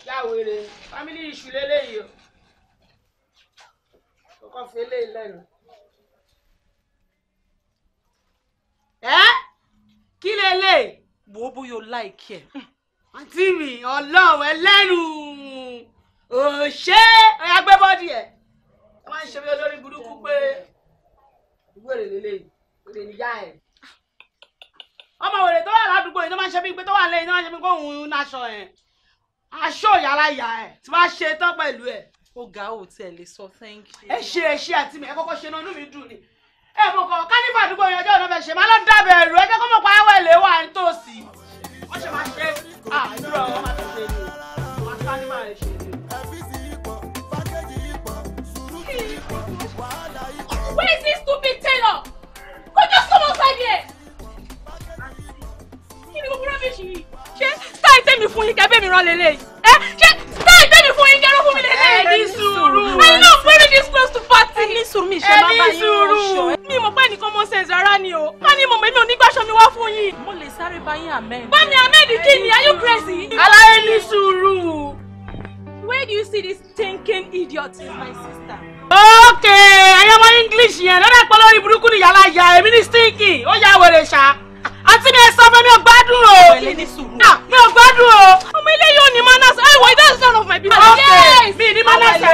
yà wèrè family issue lélẹ́yìí o kọ́kọ́ fi eléyìí lẹ́nu. ẹ kí lélẹ̀. wo bóyá o láìkí ẹ. àǹtí mi ọlọ́run ẹlẹ́rù òṣè ẹ̀yà gbé bọ́dì ẹ̀ ẹ máa ń ṣe bí olórí burúkú pé ìwéèrè lélẹ́yìí wèrè níyà ẹ̀ ọmọ wèrè tó wà ládùúgbò yìí ló máa ń ṣe bí pé tó wà lẹ́yìn ló máa ń ṣe bí pé òun ń naṣọ ẹ̀ aṣọ ìyára ìyá ẹ̀ tí wọ́n ṣe tán pẹ̀lú ẹ̀ ó ga ó tiẹ̀ lè sọ thank you. ẹ ṣe ẹ ṣe àti mi ẹ kọ́kọ́ ṣe náà inú mi dùn ni ẹ mọ kàn kánífà àdúgbò yẹn ọjọ́ ọ̀nà fẹ́ máa lọ dábẹ̀ ẹ̀rù ẹ jẹ́ kó mọ̀ pa ẹwà ilé wa ń tòsí. wọ́n ṣe máa ṣe àdúrà wọn máa ṣe ni wọ́n ti kánífà rẹ̀ ṣe ni. Where is this stupid tailor? Go just come outside here. kí ni gbogbo rọ́bìṣì yìí? ṣé táì tẹ́mi fún yín kẹ́ bẹ́ẹ̀ mi rán lélẹ́yìí? ẹ ṣé fún mi sùúrù. I know very this close to party. ẹ ní sùúrù mi ìṣe máa bá yín wọṣọ. mi ò mọ̀ pé ẹnìkan mọ sẹ́ǹsì rárá ni o. ká ní mọ̀ mọ́ èmi ò ní gbàṣọ mi wá fún yín. mo lè sáré bá yín àmẹ́. bá mi kí ni are you crazy. aláyé ní sùúrù. Where do you see this thinking idiot is my sister? Okay, ẹyẹ wọn English yẹn lọ́dọ̀ pọ̀ lórí burúkú ni yàrá ya èmi ní stinky ó yà wèrè ṣá. Àti mi ẹ̀ sọ fún mi ò gbádùn o. Ah, mi ò gbádùn o. Ọmọ ilé yóò ní manners Why that's none of my business. Okay. Ah, yes. Me, the man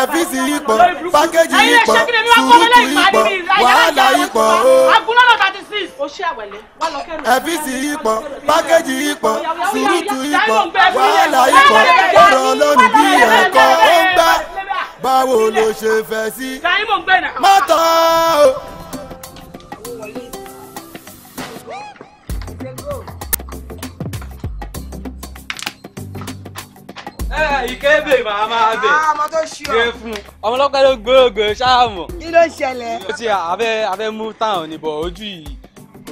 ẹ̀fíìsì ipò pákéjì ipò sùúrùtù ipò wàhálà ipò o. ẹ̀fíìsì ipò pákéjì ipò sùúrùtù ipò wàhálà ipò ọ̀rọ̀ olórí bí ẹ̀kọ́ ó ń gbá báwo ló ṣe fẹ́ sí. mọ́tò o. Ike be ma ma be ṣe fún ọmọ ọlọ́pàá ló gbóògbé ṣáàmù. kí ló ń ṣẹlẹ̀. ó ti abẹ́ abẹ́ mú táwọn níbọ̀ ojú yìí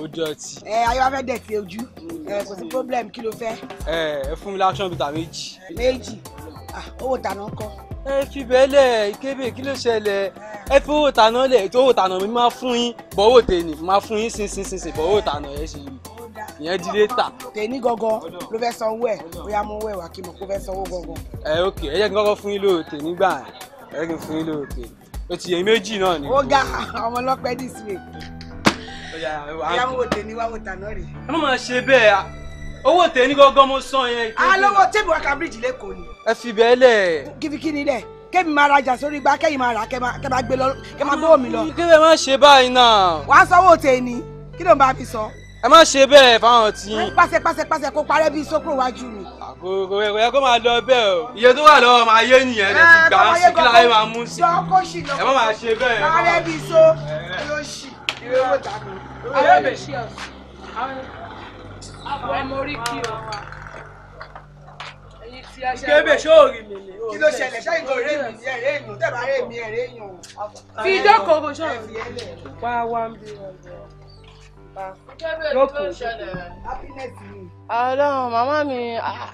ó dọ̀tí. ẹ ayọ̀ afẹ́ dẹ̀tí ojú kò sí problem kí ló fẹ́. ẹ ẹ fún mi láṣọ bíta méjì. méjì ah, owó tànà kọ. ẹ fi bẹ́lẹ̀ kébè kí ló ṣẹlẹ̀ ẹ fi owó tànà lẹ̀ tó owó tànà mi máa fún yín bọ̀ owó tèmi máa fún yín sínsìnsìn bọ̀ owó tànà ẹ ṣe yìí ìyẹn di létà. tèmi gangan ló fẹ́ sanwó ẹ̀ bóyá mo wẹ̀ wá kí mo kó fẹ́ sanwó gangan. ẹ ok ẹ jẹ́ kí n kọ́kọ́ fún yín lóò tèmi gbà ẹ jẹ́ kí n fún yín lóò tèmi o ti yẹn méjì náà ni. ó ga ọmọ ọlọ́pẹ́ dis way. bóyá mo wò tèmi wá wò tàná rè. ẹ má máa ṣe bẹ́ẹ̀ owó tèmi gangan mo san yẹn. alówó tèmi wá cambridge lẹ́kọ̀ọ́ ni. ẹ fi bẹ́ẹ̀ lẹ̀. kíbi ni máa rajà sórí igbá kẹ́yìn máa rà kẹ́ gbé lọ kẹ́ gbé omi lọ. kí lè má ṣe báyìí náà. wàá sanwó tèmi kí ló ń bá mi sọ ẹ má ṣe bẹ́ẹ̀ fáwọn tí. pàṣẹ pàṣẹ pàṣẹ kó parẹ́ bíi sókòrò wájú mi. àkókò ẹ kó máa lọ bẹ́ẹ̀ o. iye tó wà lọ́wọ́ máa yé nìyẹn lẹ ti gbà á sí kí láyé máa mú sí. ẹ má máa ṣe bẹ́ẹ̀. parẹ́ bíi so yóò ṣì yóò dàgbà. àwọn èmi ṣe ọ̀sán àwọn ọmọ orí kí o. Kébè sóòrì mi ni. Kí ló ṣẹlẹ̀ ṣáà ìgò rẹ̀ mi ẹ̀ rẹ̀ èèyàn tẹ̀ bá rẹ̀ mi ẹ̀ rẹ̀ èèyàn. Fi ìjókòó ṣọ́ọ̀rì. Wá wá ń bí ọ̀dọ́ ọlọ́run màmá mi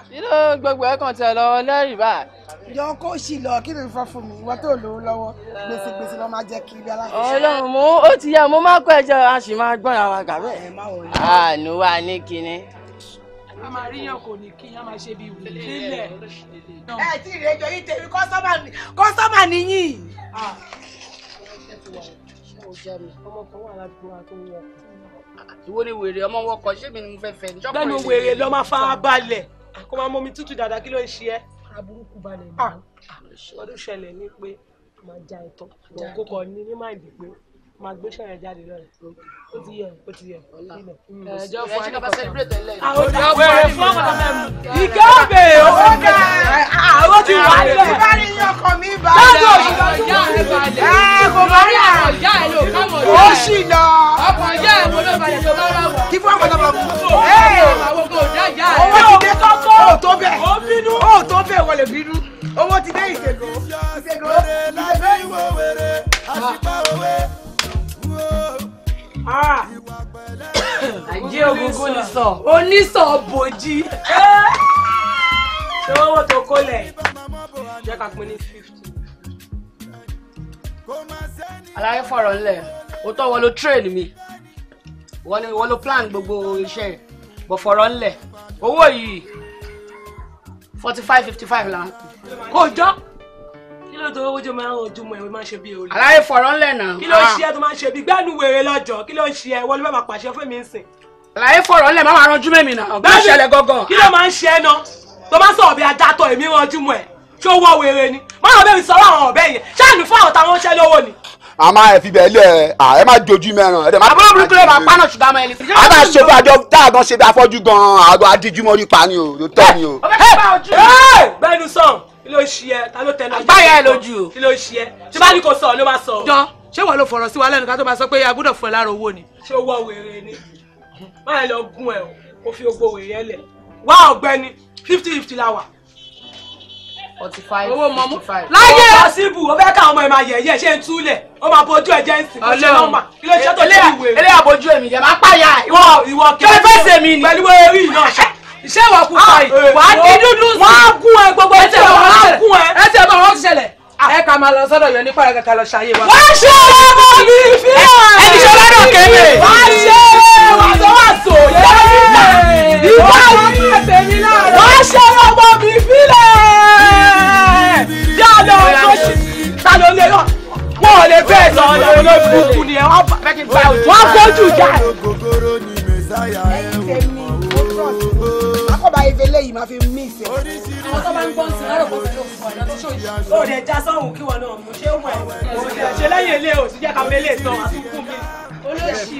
kí ló gbogbo ẹ̀ kàn tẹ̀ lọ lẹ́rìí báyìí. yọ kó sì lọ kí ló ń fọ́ fún mi ìwọ tó lówó lọ́wọ́ gbèsè gbèsè lọ máa jẹ́ kiri aláṣẹ. ọlọ́run mo ó ti yá mo máa kọ ẹjọ́ a sì máa gbọ́n àwọn àgbà bẹ́ẹ̀. àánú wa ní kinní. a máa rí yàn kò ní kí yàn máa ṣe bí wù nílẹ̀. ẹ ti rèjọ yìí tèmi kọ́sọ́mà nìyí. Ah. ọmọ kan wà ládùúgbò àtúnwò ọkùnrin ìwọ ni wèrè ọmọ wọn kọ ṣé mi ni mo fẹ́ fẹ́ ní. lẹ́nu wèrè lọ máa fa balẹ̀ kó máa mọ omi tútù dáadáa kí ló ń ṣe ẹ́. aburúkú balẹ̀ ni. ọdún ah, ah, ṣẹlẹ̀ ni pé máa ja ẹ̀tọ́ òun kò kọ ní ní máìdì pé máa gbé ṣẹ̀rẹ̀ jáde lọ́rẹ̀ ó ti yẹ ó ti yẹ ilẹ̀. ẹjọ́ mm. fún ẹni kọ̀ọ̀kan àwọn ọ̀dọ́ wẹ̀rẹ̀ fún ọ̀dọ́ mẹ́mu. ìkẹ́ òbè owó náà ojú wa lè. àti bá rí yan ọkàn mi bá. lọ́dọ̀ ìyá ẹ balẹ̀. ẹ kò bá rí àwọn ìyá ẹ lò káwọn ìyá ẹ. ó sì lọ. ọkàn ìyá ẹ mo ló balẹ̀ tó bá rà wọ̀. kí fún ọkàn tó bá mú. owó ti dé tọ́tọ́. o tó bẹ̀. o bínú. o tó bẹ̀ wọlé bínú. owó ti dé ìṣègùn. ìṣègùn. ìṣègùn. àjẹ́ ògúngún ni sọ onísọ̀ bòjì. Eh! owó tó kólẹ̀ jẹ́ ká pín ní fifty. aláyé fọ̀rọ̀ ńlẹ̀ ó tọ́ wọ́n ló train mi wọ́n ló plan gbogbo iṣẹ́ bọ̀ fọ̀rọ̀ ńlẹ̀ owó yìí forty five fifty five la kò jọ́ kí ló tó ojú máa ń ojú mọ ìwé máa ń ṣe bí olè. aláyé fọ̀rọ̀ ńlẹ̀ náà. kí ló ń ah. ṣe ẹ tó máa ń ṣe bí gbẹ́nu wèrè lọ́jọ́ kí ló ń ṣe ẹ wọlé bàbá pàṣẹ fún mi ń sìn. aláyé fọ̀rọ̀ ńlẹ̀ máa ń ranjú mẹ́mi náà ọ̀gbọ́n kí ló máa ń ṣe ẹ náà tó bá sọ̀rọ̀ bí adátọ̀ èmi ránjú mọ́ ẹ̀ ṣé ó wọ́ wèrè ni má lọ bẹ́ẹ̀ sọ̀rọ̀ àwọn ọ̀bẹ yẹn ṣáàlù fún àwọn táwọn ṣẹ́ lówó ni. a máa ẹ fi bẹ́ẹ̀ lẹ̀ ẹ má jojú mẹ́ràn. àbúrò burúkú lè máa pánà ṣùgbọ́n ọmọ ẹni. a máa ṣe fún àjọ tá a gan ṣe bí afọ́jú gan àgọ́ adíjúmọ́ nípa ni o ló tọ́ ni o. bẹ́ẹ̀ni sàn kí ló ṣe ẹ ta ló tẹ lójú. àgbáyà ẹ lójú o. kí ló ṣe ẹ ṣé bá ní kò sọ ló máa sọ. jọ ṣé wọn ló fọ̀rọ̀ sí wa lẹ́nu ká tó máa sọ pé a gbọ́dọ̀ fún ẹ lára owó ni. ṣé ó wọ wèrè ni báyìí lọ gún ẹ o kò fi gbogbo wèrè ẹ lẹ wá ọ̀gbẹ́ni fifty fifty la wà. forty five fifty five. láyé pọ́sibù ó fẹ́ káwọn ọmọ ẹ̀ máa yẹ̀yẹ́ ṣe ń túlẹ̀ ó máa bójú ẹ̀jẹ̀ ń sìn kó ṣe nọ́mbà kí ló ṣe tó ṣe ìwé. eléyà bójú èmi yẹn máa pààyà ìwọ ìwọ kẹfẹ́ fẹsẹ̀ mi ni. pẹ̀lú eré iná ṣe iṣẹ́ ìwà kúta yìí. Ah, wàá dín eh, dúdú sí. wọ́n á gún ẹ gbogbo ẹsẹ̀ Ah. ẹ ká máa lọ sọ́dọ̀ yọ nípa ẹ̀ka lọ ṣayé wa. wá ṣe ọmọ mi fi hàn. ẹni ṣe ọlọ́dọ̀ kẹ́lẹ̀. wá ṣe wàṣọwàṣọ yẹ. ìwà yìí wá ṣe ọmọ mi fílẹ̀. yálà ọ̀ṣọ́ṣì ta ló lè lọ. wọn ò lè bẹ́ẹ̀ lọ ọ̀nà olóògùn ni ẹ wọ́n bá kí n bá òjò. wọ́n fojú jà. ẹ̀yin tèmi mo trọ́ọ̀sì. akọ́bà ìfẹ́lẹ́ yìí máa fi mí ìfẹ́ àwọn tó bá ń gbọ́n sí i lọ́rọ̀ kó fẹ́ lóògùn ọ̀nà tó ṣòyí. ó lè já sọ́hùn kí wọn náà mú ṣé wọ̀ ẹ̀ ṣe lẹ́yìn ilé ò ti jẹ́ ká mélé tán àtúnkù mi. olóṣì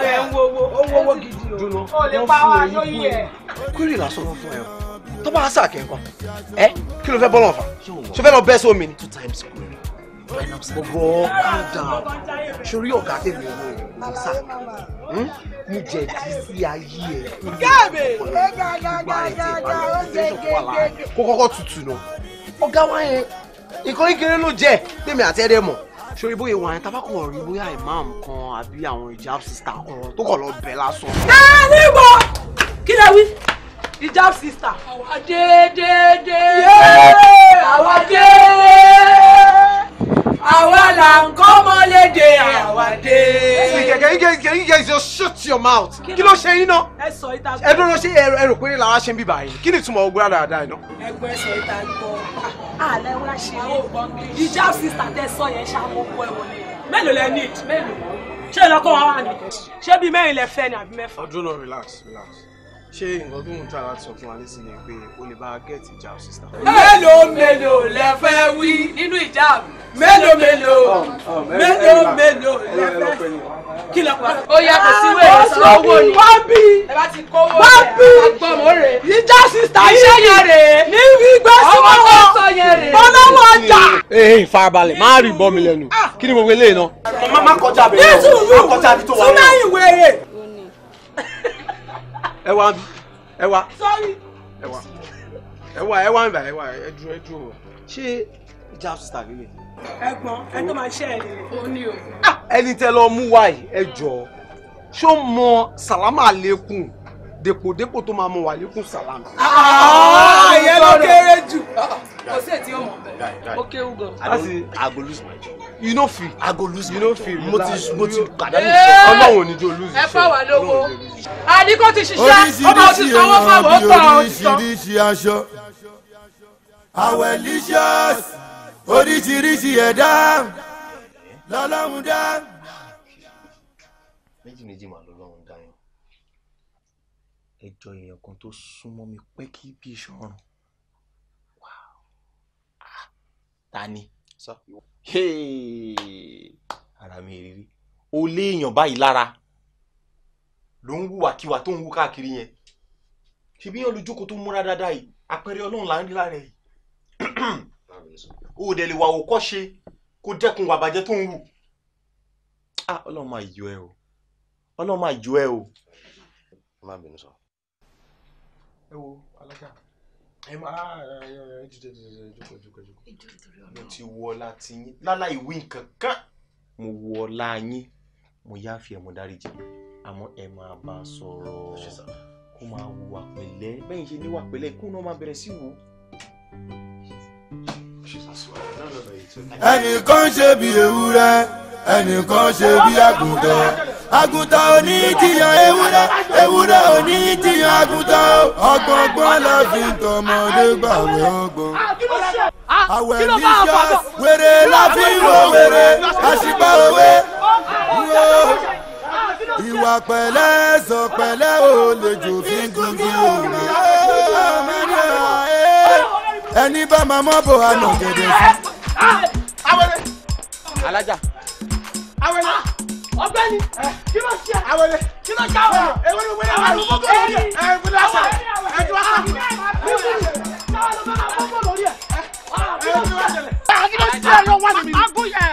rẹ̀ ń wo owó owó owó gidi o. o lè pa wá lóyún ẹ̀. kúrì lásán ló fún ẹ o tó bá sàkẹ́ nǹkan ẹ kí ló fẹ́ bọ́ lọ́fà ṣó fẹ́ lọ bẹ́ sómi ni. two times kúrì gbogbo calm down sórí ọ̀gá tèmi ò lè sà mo jẹ̀bi sí ayé ẹ̀ kó lè gba ẹ̀jẹ̀ balẹ̀ kó kọ́kọ́ tutù nù ọ̀gá wa yẹn ìkọ́ni kéré ló jẹ́ tèmi àti ẹ̀rẹ́ mọ̀ sori bóyá wà yẹn tabakọ ọ̀rí bóyá imam kan àbí àwọn ìjáb sista kan tó kọ̀ lọ bẹ̀ lásán. ẹni wọ kí lè wí ìjáb sista àwa déédéé àwa déédéé àwa là ń kọ́ mọ́lédè àwàdé. kẹ̀kẹ́ you just shut your mouth. kí ló ṣe yín náà. ẹ sọ ìta gbọ́. ẹ dúró ṣé ẹrù péré làwa ṣe ń bíbà yìí kí ni ìtumọ̀ ogun àdáadáa iná. ẹgbẹ́ sọ ìta àlẹ́ ah, ah, wá ṣe é ìjà sísà tẹ sọ yẹn ṣàkóso ẹ̀wọ̀n mélòó lẹ need mélòó ṣé ìlọkọ wa wà ní. ṣé bíi mẹ́rin lẹ fẹ́ ni àbí mẹ́fà. ọdún náà relax relax ṣé nǹkan tó ń tọ́ láti sọ fún wa nísìnyí ni pé o lè bá a gẹ̀ẹ́tì ìjà sísá. mélòó mélòó lẹ fẹ́ wí nínú ìjà mélòó mélòó oh, oh, mélòó mélòó lẹ fẹ́ kí lọ pa. ó yàtọ̀ sí wẹ́rẹ́ sọ́wọ́ ni wọ́n bí wọ́n bí ìjà sísá yìí ní gbígbé símọ́ wọn ọjà. ee farabalẹ̀ máa rí bọ́ mi lẹ́nu ah! kí ni mo wọlé náà. mo kọjá bẹ̀rẹ̀ tó wà lọ ẹ wá ẹ wá ẹ wá ẹ wá ẹ wá ìgbà ẹ wá ẹ dúró ẹ e dúró ṣé ìjà sísá líle. ẹ̀gbọ́n ẹ tó máa ṣe ẹ ní o. Ah, ẹni tẹ lọ mú wáyé ẹ jọ ṣó mọ sàlámà lẹkùn dèpòdépò tó máa mọ wà lẹkùn sàlámà. ààyè ah, ló kéré jù kò sí ètí ọmọ ó kéwù gan. i go lose my job. you no fit. i go lose my job. you no fit. mo ti mo ti kàdánù iṣẹ́. Eh! ọlọ́run ò ní jẹ́ o lose iṣẹ́. ẹ fà wá lówó. àdìgún ti ṣiṣẹ́ ọmọ ti sanwó fáwọn ó tọ̀ ó ti tán. oríṣiríṣi aṣọ awelicious oríṣiríṣi ẹ̀dá lọ́lọ́run dá. méjì méjì màá lọ́lọ́run dá yẹn ẹjọ́ èèyàn kan tó súnmọ́ mi pẹ́ kí bí iṣan ọ̀run Tani. ni. ara mi rírí o léèyàn báyìí lára ló ń wùwàkiwà tó ń wù káàkiri yẹn ṣebí yẹn olùjókòó tó múra dáadáa yìí àpẹẹrẹ ọlọ́run là ń rí lára yìí o dẹ̀ lè wà òkọ́ ṣe kó dẹ́kun wà bàjẹ́ tó ń wù ah ọlọ́run máa yọ ẹ o ọlọ́run máa yọ ẹ o. ẹ wo alága ẹ máa ah, eh, eh, eh, ẹ mo ti wọ ọlá ti yín láláì wí nǹkan mo wọ ọlá yín mo yáfi ẹ mo dáríjì àmọ́ ẹ máa bá a sọ̀rọ̀ kó máa wùwà pẹ̀lẹ́ bẹ́ẹ̀ ṣe níwà pẹ̀lẹ́ kó náà máa bẹ̀rẹ̀ sí wò ẹnìkan ṣe bí ewúrẹ́ ẹnìkan ṣe bí àgùntàn àgùntàn ò ní jiyàn ewúrẹ́ ewúrẹ́ òní ti àgùntàn ọgbọ̀ngbọ̀n la fi tọmọdé gbàwé ọgbọ̀n. àwẹ̀ níṣà wèrè la fi wo wèrè àṣìbá òwe ìwà pẹ̀lẹ́ sọ pẹ̀lẹ́ ò lè jò fi gbogbo òwe. ẹni bá máa mọ́ bò àná gẹ̀dẹ̀ sí. alájà ọ̀gbẹ́ni kí ló ṣe àwẹlẹ kí ló ṣàwẹ ewu ni wẹlẹ àwọn ọmọ bọlọ rí ẹ ẹ wẹlẹ àwọn ẹ ti wá sọ bíbí kí ló ṣe kí ló ṣe ló wà níbi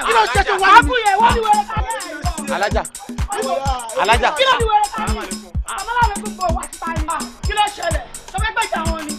kí ló ṣe tó wà níbi. alájà alájà. kí ló ṣe lẹ̀ sọ fẹ́ gbẹ̀jà wọn ni.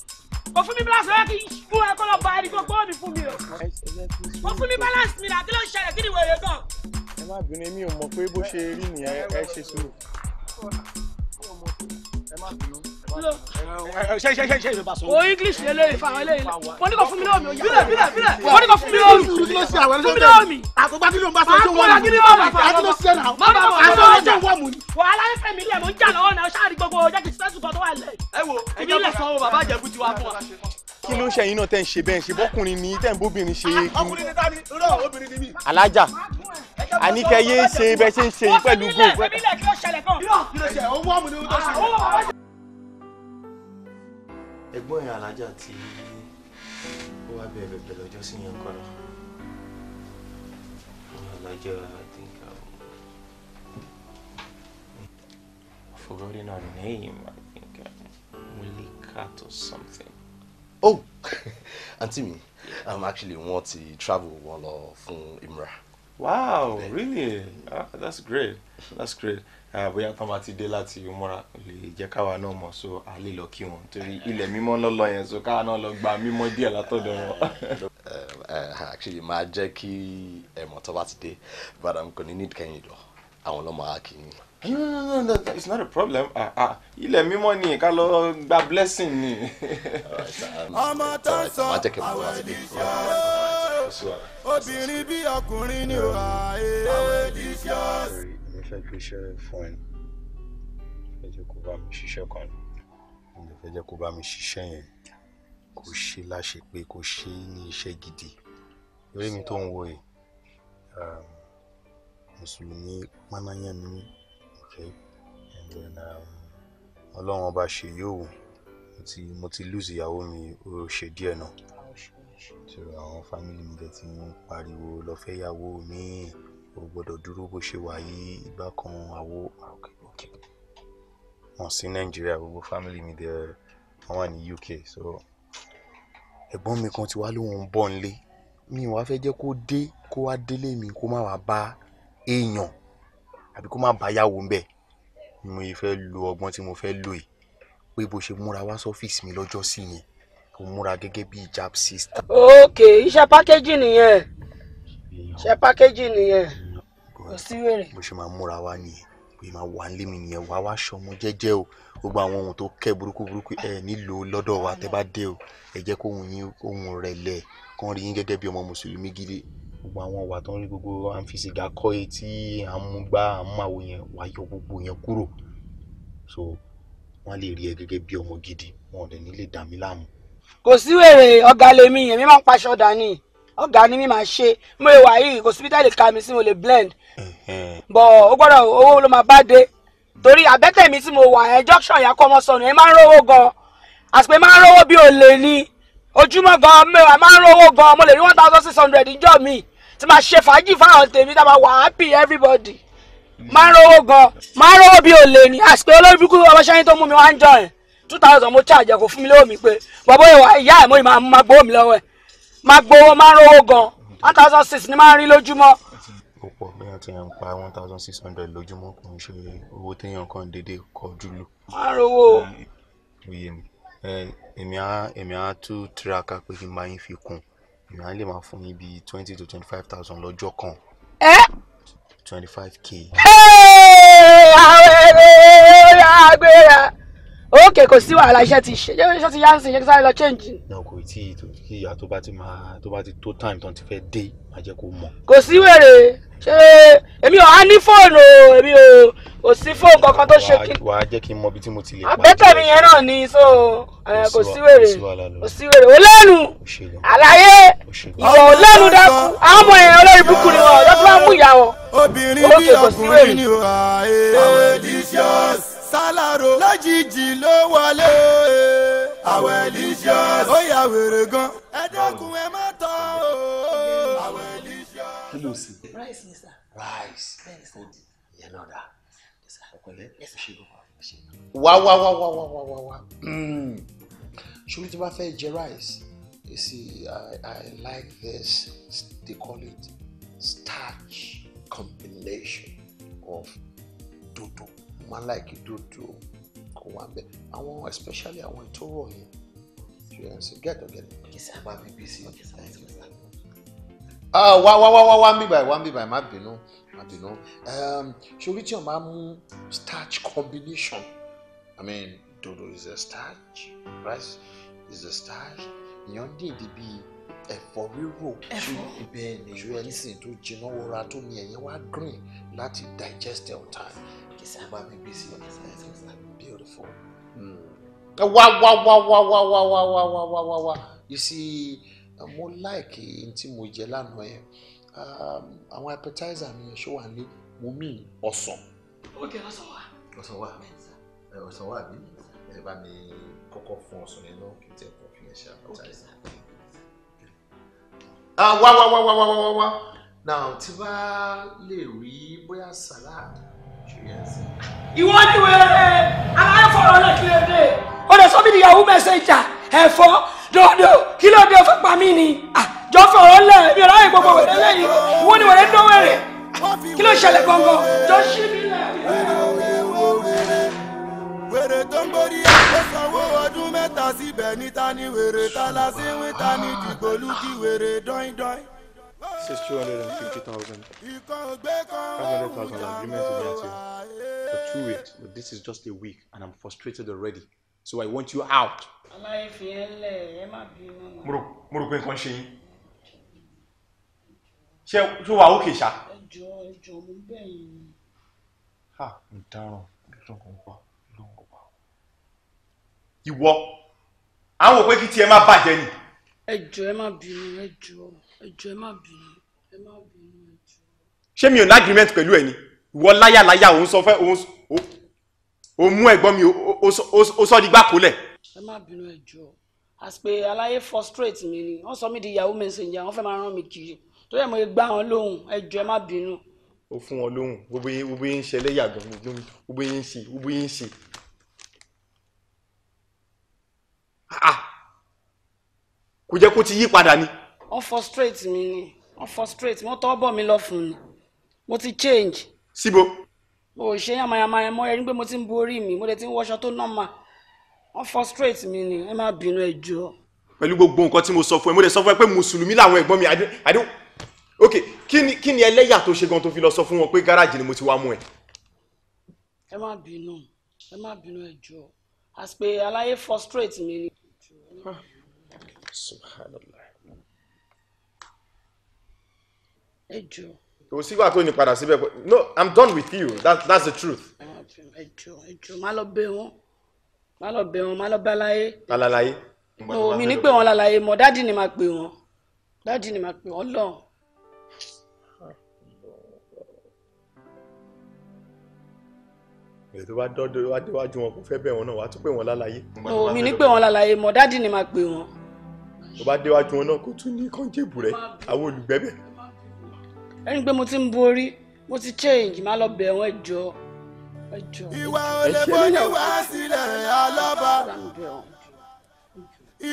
kò fún mi balance ọ̀yọ́ kí n fún ẹ kó lọ bá ẹni mi o kò fún mi balance mi náà kí ló ń ṣẹlẹ̀ kí ni wèrè gan. ẹ má bínú mi ò mọ̀ pé bó ṣe rí nìyẹn ẹ ṣe sùúrù. ẹ má bínú ṣe ṣe ṣe ṣe ìlú bá sọ. o english lè lè fa àwọn eléyìí wọn ní kò fún mi lómi o yà. bílẹ̀ bílẹ̀ bílẹ̀ wọn ní kò fún mi lómi. fún mi lómi fún mi lómi. àkókò kí ló ń bá sọ ojú wọn mu àti ló ṣe náà má bá wọn àti ló ṣe wọn mu ni. wàhálà ń fẹ̀mí lẹ̀ mọ́ ń jà lọ́wọ́ náà ṣáàrì gbogbo jẹ́ kí sẹ́sù kan tó wà lẹ̀. ẹ wo ẹ jẹ́ kó sanwó bàbá àjẹkù ti wá fún wa kí ló ń ṣe yín náà tẹ́ ń ṣe bẹ́ẹ̀ ṣe bọ́kùnrin ni tẹ́ ń bóbìnrin ṣe é kí. ọkùnrin ni tani irọ́ obìnrin ni mí. alájà àníkẹ́ yéé ṣe bẹ́ẹ̀ ṣe ń ṣe pẹ̀lú gbòògbé. wọ́n fi mílẹ̀ kí ló ṣẹlẹ̀ gan. irọ́ kí ló ṣẹlẹ̀ owó àmúlẹ̀ owó tó ṣe ẹ̀gbọ́n ẹ̀ alájà tí ó wá bẹ̀rẹ̀ bẹ̀rẹ̀ lọ́jọ́ sí yẹn kọ́ra alájà àdínkà. I've um, forgotten her name, I think. Um, Willy Cat or something. Oh! Auntie mi, I'm um, actually want to travel wọn lọ fún Imra. Wow, really? Ah, that's great. That's great. Ah, bóyá tán bá ti dé láti múra lè jẹ́ káwa náà mọ̀ so a lè lọ kí wọn torí ilẹ̀ mímọ́ náà yẹn so káwa náà lọ gba mímọ́ díẹ̀ látọ̀dọ̀ wọn. Eh, eh, actually máa jẹ́ kí ẹ̀mọ̀ tó bá ti dé but I'm gonna need kẹ́yìn lọ àwọn ọlọ́mọ akínní. No, no, no, no, it's not a problem. Ah, ah, ilẹ̀ mímọ́ ni ká lọ gba blessing ni. Ọmọ tó ń sọ àwẹ̀ ní obìnrin bí ọkùnrin ni ó àìyé ní fẹ́ gbé iṣẹ́ fún ẹ fẹ́ jẹ́ kó bá mi ṣiṣẹ́ kan ni mo lè fẹ́ jẹ́ kó bá mi ṣiṣẹ́ yẹn kó ṣe láṣepé kó ṣe ní iṣẹ́ gidi eré mi tó ń wo yìí um, mùsùlùmí pánáyàn ni mí okay and then um, ọlọ́run ọba ṣe yóò mo ti o gbọ́dọ̀ dúró bó ṣe wà yìí ìgbà kan àwo òkè wọn sí nàìjíríà gbogbo family mi dẹ wọn wà ní UK so ẹ̀gbọ́n mi kan ti wá lóun ń nílé mi wàá fẹ́ jẹ́ kó dé kó wá délé mi kó má wàá bá èèyàn àbí kó má bá yàwó ń bẹ̀ mo fẹ́ lo ọgbọ́n tí mo fẹ́ lò yìí pé bó ṣe múra wá sọ́fíìsì mi lọ́jọ́ sí yẹn kò múra gẹ́gẹ́ bí jab sister. ok iṣẹ́ pákéjì nìyẹn iṣẹ́ pákéjì nìyẹn kò sí wèrè. mo ṣe máa múra wá nìyẹn pé máa wà ń mi nìyẹn wá wá ṣọmọ jẹ́jẹ́ o gbogbo àwọn ohun tó kẹ́ burúkú burúkú ẹ nílò lọ́dọ̀ wa tẹ́ bá dé o ẹ jẹ́ kó ohun yín ohun rẹ̀ lẹ̀ kán rí yín gẹ́gẹ́ bí ọmọ mùsùlùmí gidi gbogbo àwọn ọ̀wà tó ń rí gbogbo à ń fi sìgá à ń mú gbá à ń máwo yẹn wà yọ gbogbo yẹn kúrò so wọ́n lè rí ẹ gẹ́gẹ́ bí ọmọ gidi wọn ò dẹ̀ ní lè láàmú. kò sí wèrè ọ̀gá lèmi èmi máa ń paṣọ dání ọ̀gá ni mi máa ṣe mo lè wà yìí kò síbi tá lè ka mi sí mo lè blend bọ̀ ó gbọ́dọ̀ owó ló máa bá dé torí àbẹ́tẹ̀ mi tí mo wà ẹ̀ junction yà kọ́ ọmọ sọnù ẹ̀ máa ń rówó gan àsìpẹ́ máa ń rówó bí olè ni ojúmọ́ gan mẹ́wàá máa ń rówó gan mo lè rí one thousand six hundred níjọ́ mi tí máa ṣe fàájì fáwọn tèmi tá a máa wà happy everybody máa ń rówó gan máa ń rówó bí olè ni àsìpẹ́ olórí bíkú ọmọṣẹ́yìn tó mú mi wá ń jọ ẹ̀ two thousand mo charge ẹ̀ kò fún mi lówó mi pé bàbá ìyá ẹ̀ mo ì máa gbówó mi lọ́wọ́ ẹ̀ máa gbowó máa ń rówó gan one thousand six ni máa rí lójúmọ́. ó pọ̀ bẹ́ẹ̀ tí yẹn ń pa one thousand six hundred lójúmọ́ kò ń ṣe owó téèyàn kàn déédéé kọjú lò. máa ń rówó. oyè mi èmi á èmi á tún tiraka pé kí n máa yín fi kún èmi á lè máa fún yín bíi twenty to twenty five thousand lọ́jọ́ kan. ẹ. twenty five k. ẹ ẹ àwọn èrè ó yà á ókè kò sí wàhálà iṣẹ́ ti ṣe iṣẹ́ ti yá ń sìn yẹn kí sáré lọ change. náà kò tí ì kí ìyá tó bá ti máa tó bá ti tó time tó ti fẹ́ dé máa jẹ́ kó mọ̀. kò sí wèrè ṣé èmi ò á ní fóònù o èmi ò kò sí fóònù kankan tó ṣe kí. wàá jẹ́ kí n mọ ibi tí mo ti lè pàdé. àbẹ́tẹ̀ mi yẹn náà ni so kò sí wèrè kò sí wèrè ó lẹ́nu àlàyé ìwọ̀ ò lẹ́nu dákú àwọn ọmọ yẹn olórí búkú ni wọn ọ̀dọ́ tó bá mú ìyá wọn. obìnrin bí ọkùnrin ni wàá ẹ̀ ẹ́ sálárò lójijì ló wọlé àwẹ̀ licious ó yà wèrè gan ẹ dẹ́kun ẹ má tọ́ o àwẹ̀ licious. kí ló rice ni sir. rice food ìyẹn náà dá ọ̀pẹ̀lẹ̀ ìṣèlú wá wá wá wá wá wá wá wá mm. ṣùgbọ́n tí wọ́n fẹ́ jẹ rice you see I, I like this they call it starch combination of dodo máa ń Dodo, dúdú kò wá bẹ́ẹ̀ àwọn especially àwọn ètò rọ̀ yẹn ṣùgbọ́n gẹ́gẹ́ gẹ́gẹ́ bá mi bí sí ah, wá wá wá wá wá mi báyìí wá mi báyìí má bínú má bínú um, ṣorí tí o máa mú starch combination i mean dodo is a starch rice is a starch ìyàn dìde bíi ẹ̀fọ́ rírò tí bẹ́ẹ̀ ni ìrẹsì tó jiná wọra tó ní ẹ̀yẹ wá green láti digest on time. Okay, sir. Ọba mi gbé sí ọkẹ sá ẹsẹ sá beautiful. Wá wá wá wá wá wá wá wá wá wá wá wá you see mo like ntí mo jẹ lánàá yẹn àwọn appetizer mi yẹn ṣó wà ní mo mean ọsàn. Ok ọsàn wà. Ọsàn wà ọsàn wà bí ẹ bá mi kọ́kọ́ fún ọsàn yẹn náà kí n tẹ̀ kọ́ fi yẹn ṣe appetizer. Wá wá wá wá wá wá wá now tí bá lè rí bóyá salad ìwọ ni wẹ́rẹ́ aláfọ̀rọ̀ rẹ̀ kí ló dé. ó lè sọ mí níyàwó mẹ́sẹ̀jà ẹ̀fọ́ dọ́dọ̀ kí ló dé fún pa mí ni. jọ fọ̀rọ̀ lẹ̀ mi ò ráyè gbogbo wẹ̀rẹ̀ lẹ́yìn ìwọ ni wẹ̀rẹ̀ dán wẹ̀rẹ̀ kí ló ṣẹlẹ̀ gangan jọ ṣí mi lẹ̀. wèrè tó ń gbórí ẹgbẹ́ sanwó ọdún mẹ́ta síbẹ̀ níta ni wèrè tálásí wíta ni dìgbòlù kí wèrè dọ́ín dọ́ín. This is 250,000. 500,000 agreement to me at you for two weeks. But this is just a week and I'm frustrated already. So I want you out. Aláyé fi ẹ́ lẹ̀ ẹ má bínú. Ha ǹdaràn lọ́dún kan pa lọ́wọ́ kan pa. Ìwọ, àwọn òpé kí tiẹ̀ má bàjẹ́ ni. Ẹjọ́ ẹ má bínú, ẹjọ́ ẹjọ́ ẹ má bínú ṣé mi ò ní agreement pẹ̀lú ẹ ni ìwọ láyàláyà òun sọ fẹ́ òun mú ẹ̀gbọ́n mi ó sọ di gbàkólẹ̀. ẹ má bínú ẹ jọ̀ọ́ as pe aláyé frustrate mi ni wọ́n sọ mí di yahoo messenger wọ́n fẹ́ máa rán mi kiri tó yẹ mo gbá wọn lóhùn ẹ jọ̀ọ́ ẹ má bínú. ó fún wọn lóhùn gbogbo yín gbogbo yín ń ṣe ẹlẹ́yàgbọ́n gbogbo yín ń ṣe gbogbo yín ń ṣe. Ah, ah. kò jẹ́ kó ti yí padà ni. wọ́n frustrate mi ni wọ́n frustrate wọ́n tọ́ bọ̀ mí lọ fún un mo ti change. síbo. o ṣe yamayama ẹ mọ ẹni pé mo ti ń bu orí mi mo dẹ̀ ti ń wọṣọ tó nọ́ọ̀mà wọ́n frustrate mi ni ẹ má bínú ẹ jọ̀ọ́. pẹ̀lú gbogbo nǹkan tí mo sọ fún ẹ mo dẹ̀ sọ fún ẹ pé mùsùlùmí làwọn ẹ̀gbọ́n mi àdé ok kí ni kí ni ẹlẹ́yà tó ṣe gan tó fi lọ sọ fún wọn pé gáràjì ni mo ti wá mú ẹ. ẹ má bínú ẹ má bínú ẹ jọ̀ọ́ àti pé aláyé frustrate mi ni. Ah, subhanallah. ẹ kò sí wàá ní padà síbẹ̀ no i'm done with you that, that's the truth. ẹ jọ má lọ bẹ̀ wọ́n má lọ bẹ̀ wọ́n má lọ bá láyé. lálàyé. no mi ní pé wọn lálàyé mọ dáàdì ni màá pè wọn dáàdì ni màá pè wọn lọ. èyí tó bá dọ́dọ̀ wá déwájú wọn kò fẹ́ bẹ̀ wọn náà wàá tún pè wọn lálàyé. no ní pé wọn lálàyé mọ dáàdì ni màá pè wọn. tó bá déwájú wọn náà kò tún ní kánjẹ́bù rẹ̀ àwọn olùgbẹ́bẹ̀ ẹni pé mo ti ń borí mo ti change má lọ bẹ̀ wọ́n ẹjọ́ ẹjọ́ ìwà olè bóni wá sílẹ̀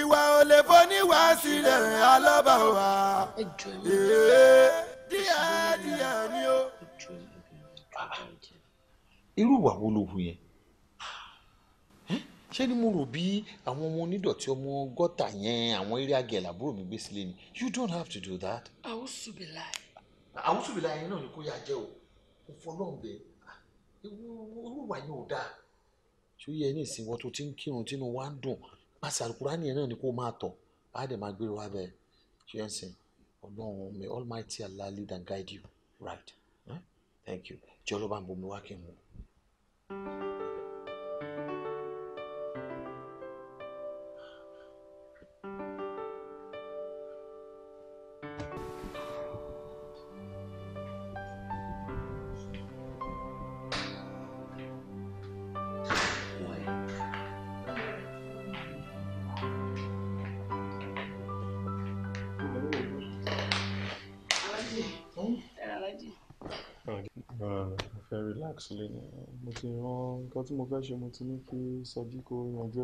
ìwà olè bóni wá sílẹ̀ alọ́ba wa díẹ̀ díẹ̀ ni o. irú ìwà wo ló hu yẹn ṣé ni mo rò bí àwọn ọmọ onídọ̀tí ọmọ gọ́tà yẹn àwọn eré agẹ̀ làbúrò mi gbé sílé ni you don't have to do that. àwòsùn bí láì àwùsùbìlà yẹn náà ni kò yà jẹ o kò fọlọ́n bẹ irú ah, wà yẹn ò dáa. tó yẹ ní ìsìnwọ́ tó ti ń kírun tínú wa ń dùn pàṣẹ alukurani yẹn náà ni kó máa tọ̀ á dẹ̀ máa gbèrò abẹ ṣẹ́nsìn ọlọ́run may almighty allah lead and guide you right thank you jọlọ́ba ń bomi wá kí n mú. thank you lè ní mo ti rán nǹkan tí mo fẹ́ ṣe mo ti ní kí sọjí kó yanjú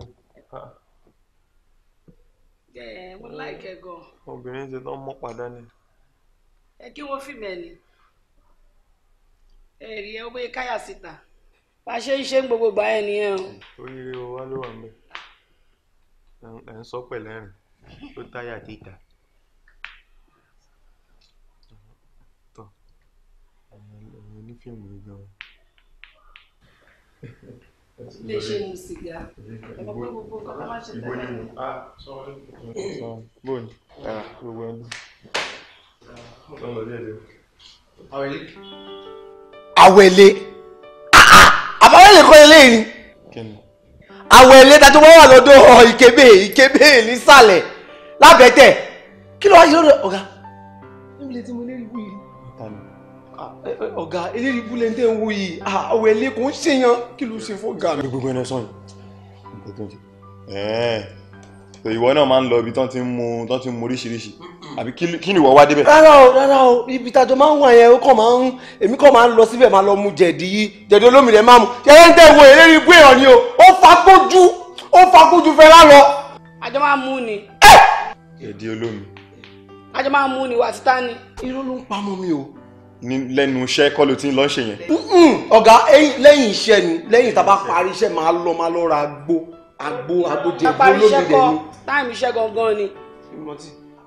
ẹ̀. ẹ mo láìkẹ́ gan. obìnrin ti náà mọ́ padà ni. ẹ kí wọ́n fìmẹ̀ ni ẹ̀rí ẹ wọ́n káyà síta bá a ṣe ń ṣe ń gbogbo gbà ẹ nìyẹn o. oríire o wá ló wà ń ẹ ń sọ pẹ̀lẹ́rìn tó táyà títa. ní fíìmù yìí gan-an Awele. iṣẹ́ mu sìgá ẹ̀fọ́ pé gbogbo nǹkan tó máa ṣe tẹ̀lé. bó ni gbogbo ẹni. àwẹ̀lé àbáwẹ̀lé kọ́ wà lọ́dọ̀ ìkébé ìkébé nísàlẹ̀ lábẹ́tẹ̀ kí ló wá yẹ ọ̀gá eléyìí búlẹ̀ ń tẹ̀ ń wo yìí àwọ̀ ẹ̀lẹ́ kò ń ṣèyàn kí ló ṣe fọ́gà mi. gbogbo ẹni sọyìn ìwọ náà máa ń lọ ibi tán ti ń mu tán ti ń mu oríṣiríṣi àbí kí ni ìwọ wá débẹ̀. rárá o rárá o ibi tàjọ máa ń wà yẹn ó kàn máa ń èmi kàn máa ń lọ síbẹ̀ máa lọ mu jẹ̀dí yìí jẹ̀dí olómi rẹ̀ máa mu jẹ̀dí ń tẹ̀ wo eléyìí bú èèyàn ni o ó fakójú ó fakójú fẹ́ lálọ. àjọ máa mú ni. jẹ̀dí olómi. àjọ máa mú ni wà títà ni. irú ló ń pamọ́ mi o lẹ́nu iṣẹ́ kọ́ ló ti ń lọ ṣe yẹn. ọ̀gá lẹ́yìn iṣẹ́ ni lẹ́yìn tá a bá parí iṣẹ́ máa lọ máa lọ ra agbo agbo agbo jẹ agbo lóde dẹ ni. táìmù iṣẹ́ gangan ni.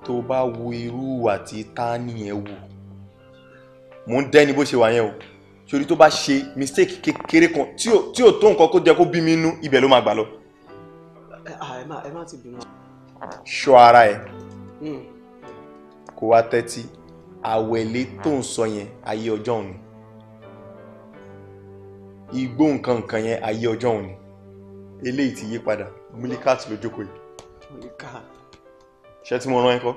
tó o bá wo irú àti tání yẹn wò mò ń dẹ́ni bó ṣe wà yẹn o sori tó bá ṣe mistake kékeré kan tí ò tó nǹkan kó jẹ kó bí mi nú ibẹ̀ ló máa gbà lọ. ẹ má ti bínú. ṣọ́ ara ẹ mm. kó wá tẹ́tí àwẹ̀lé tó ń sọ yẹn ayé ọjọ́ òní igbó nǹkan nǹkan yẹn ayé ọjọ́ òní eléyìí ti yí padà Múlíkàt ló jókòó yìí. Múlíkàt. ṣé tí mo rán ẹ kọ.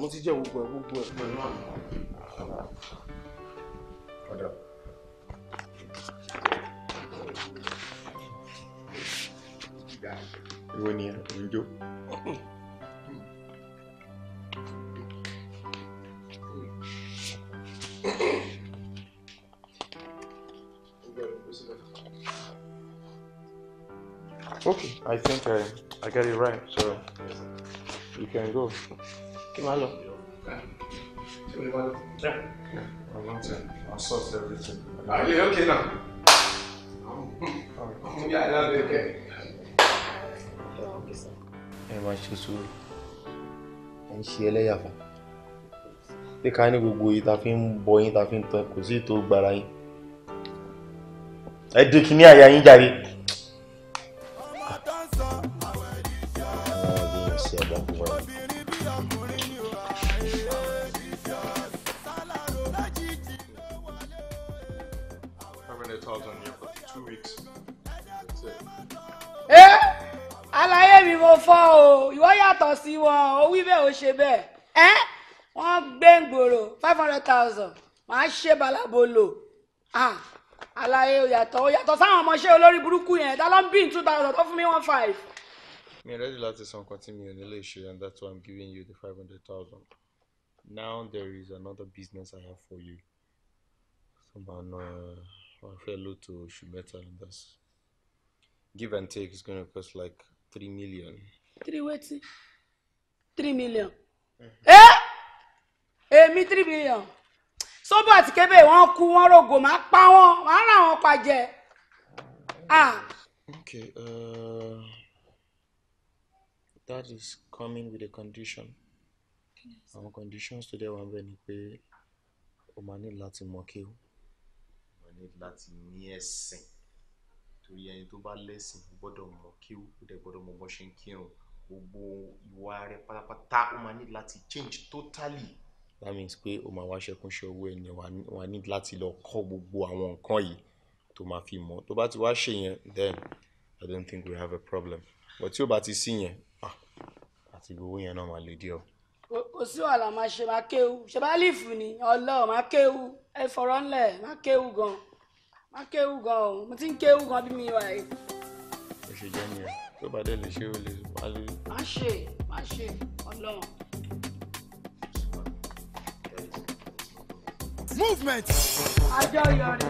mo ti jẹ́ gbogbo ẹ̀ gbogbo ẹ̀ pẹ̀lú àná. ìwọ ni ẹ ń jó. Okay, I think I, I got it right, so you can go. Kimalo. Kimalo. Yeah. yeah. I'm not I'll sort everything. Are you okay now? Yeah, I love Okay. Ẹ máa ṣe sùúrù. Ẹ ń ṣe pé ká ní gbogbo yìí ta fi ń bọ yín ta fi ń tan kò sí ètò gbàrà yín ẹ dé kíní àyà yín jáde. àlàyé mi mo fọ́ o ìwọ yàtọ̀ sí wọn o wí bẹ́ẹ̀ o ṣe bẹ́ẹ̀ ẹ́ ń gbòòrò five hundred thousand màá ṣe balabolo àlàyé ó yàtọ̀ sáwọn ọmọọṣẹ́ olórí burúkú yẹn tá two thousand tó fún mi one five. mi ready láti san nǹkan mi ò nílé ṣe and that's why i'm giving you the five hundred thousand now there is another business i have for you so ma na wa fẹ́ lò oṣù mẹ́ta and that's give and take is gonna cost like three million. three wetin three million. Mm -hmm. eh? èmi three million sóbò àti kébè wọn kú wọn rògò máa pa wọn máa rà wọn pàjẹ. okay uh, that is coming with a condition àwọn conditions tó dẹ̀ wà bẹ́ẹ̀ ni pé o máa ní láti mọ̀ kí o. o máa ní láti ní ẹ̀sìn torí ẹni tó bá lẹ́sìn o gbọ́dọ̀ mọ̀ kí o o dẹ̀ gbọ́dọ̀ mọ̀ bó ṣe ń kírun gbogbo ìwà rẹ pátápátá o máa ní láti change totally that means pé o máa wá ṣẹkúnṣẹ owó ẹni wàá ní láti lọ kọ́ gbogbo àwọn nǹkan yìí tó máa fi mọ̀ tó bá ti wá ṣe yẹn then I don't think we have a problem but tí o bá ti sí yẹn ah, àti gbogbo yẹn náà máa lè dí ọ. kò sí wàhálà máa ṣe máa kéwu ṣe bá lífù ni ọlọ́ọ̀ máa kéwu ẹ fọ̀rọ̀ ńlẹ̀ máa kéwu gan máa kéwu gan o mo ti ń kéwu gan bí mi wà yìí. o ṣe jẹ́ nìyẹn tó bá dé lè ṣe o lè má lè. má ṣe má ṣe ọlọ́run. movement. àjọyọ̀ ni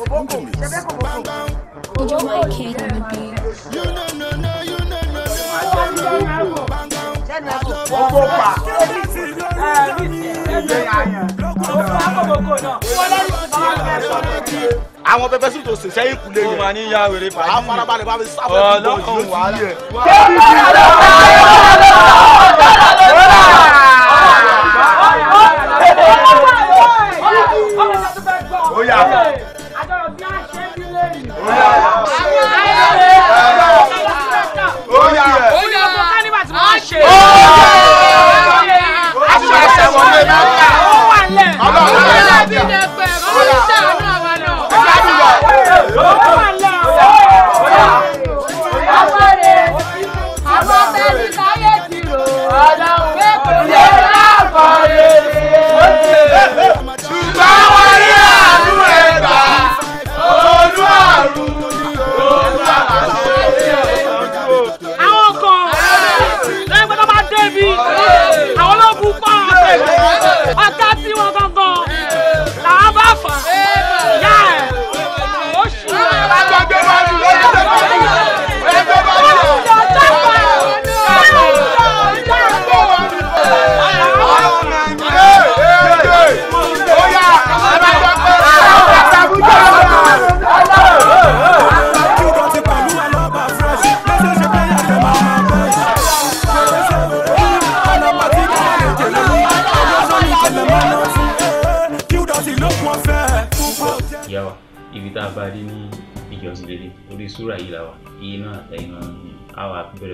o. kòbókò ṣẹfẹ́ kòbókò. ojú máa ń kéde níbi. you no no no you no no no. kòbókò pa. ẹ ní ìṣẹ̀lẹ̀ àyàn. kòbókò kòbókò náà. wọlé yóò ti ẹ̀ sọ́dọ̀ kí àwọn pẹpẹ sí tó sèse yìí kule yẹn. ó máa ní ya wèrè fàájì. àwọn farabalẹ̀ bá fi sáfẹ́ fún bọ́ọ̀lù yóò ti yẹ.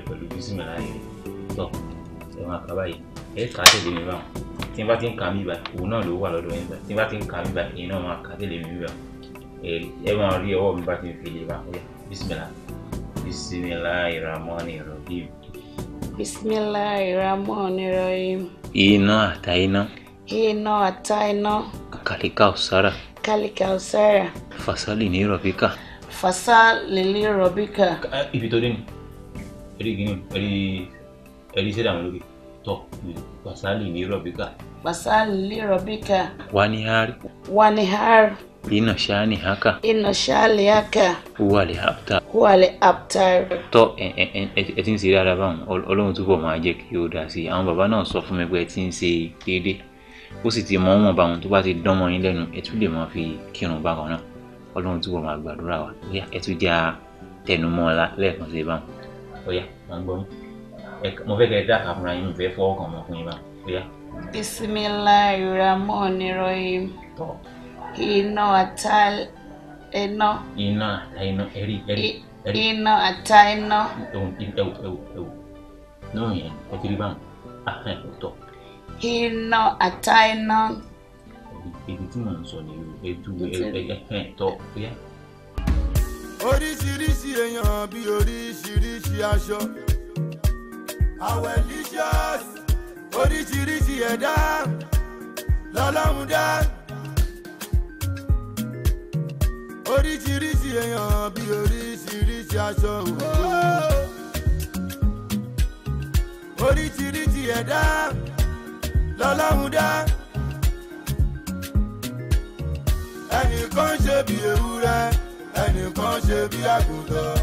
pẹ̀lú bísímìlá yìí tọ̀ ẹ máa kà báyìí ẹ kà á tẹ̀lé mi báwọn tí n bá ti ń kà mí bá òun náà ló wà lọ́dọ̀ yín bá tí n bá ti ń kà mí bá ìyẹn náà máa kà á tẹ̀lé mi bá ẹ máa rí ọwọ́ mi bá ti fi lè bá ọyà bísímìlá bísímìlá ìràmọ́ni ìrọ̀bíìmù. bísímìlá ìràmọ́ni ìrọ̀bíìmù. iná àtà iná. iná àtà iná. kàlíkà ọ̀sára. kàlíkà ọ̀sára. fasali ní rọ̀bíkà. fasali ní rọ̀bíkà. ibi tó dé ni erigini eri eri sẹ́dá àwọn olókè tọ́ pàṣálì hmm, ní rọ̀bíkà. pàṣálì ní rọ̀bíkà. wanihari. wanihari. ina shani haka. ina shani haka. huwa le aptar. huwa le aptar. tọ́ ẹ ẹ ẹ ti ń ṣe dáadáa báwọn ọlọ́run túbọ̀ máa jẹ́ kí ó dáa sí i àwọn bàbá náà sọ fún mi pé ẹ ti ń ṣe déédéé ó sì ti mọ ọmọ bá wọn tó bá ti dán mọ́ yín lẹ́nu ẹ e tún lè máa fi kírun bákan náà ọlọ́run túbọ̀ máa gbàdúrà wa ẹ e tún já tẹnumọ́ lẹ́ẹ̀kan sí báwọn ọ̀yà máa gbọ́ yín mo fẹ́ kẹ́ ẹ dákà fúnra yín mo fẹ́ fọwọ́ kàn mọ́ fún yín bá ọ̀yà. bisimilahi rahman rahim iná ata iná. iná ata iná ẹ̀rí ẹ̀rí. iná ata iná. ẹwù ẹwù ẹwù ẹwù náà yẹn ẹ ti rí báwọn ahẹ́n kò tọ̀. iná ata iná. èdè tí mò ń sọ nìyí ètò ẹ̀hẹ́n tọ́ ọ̀yà oríṣiríṣi èèyàn bí oríṣiríṣi aṣọ. Awelicious oríṣiríṣi ẹ̀dá lọ́lọ́run dá. oríṣiríṣi èèyàn bí oríṣiríṣi aṣọ. oríṣiríṣi ẹ̀dá lọ́lọ́run dá. ẹnìkan ṣe bí ewúrẹ́ ẹnìkan ṣe bí àgùntàn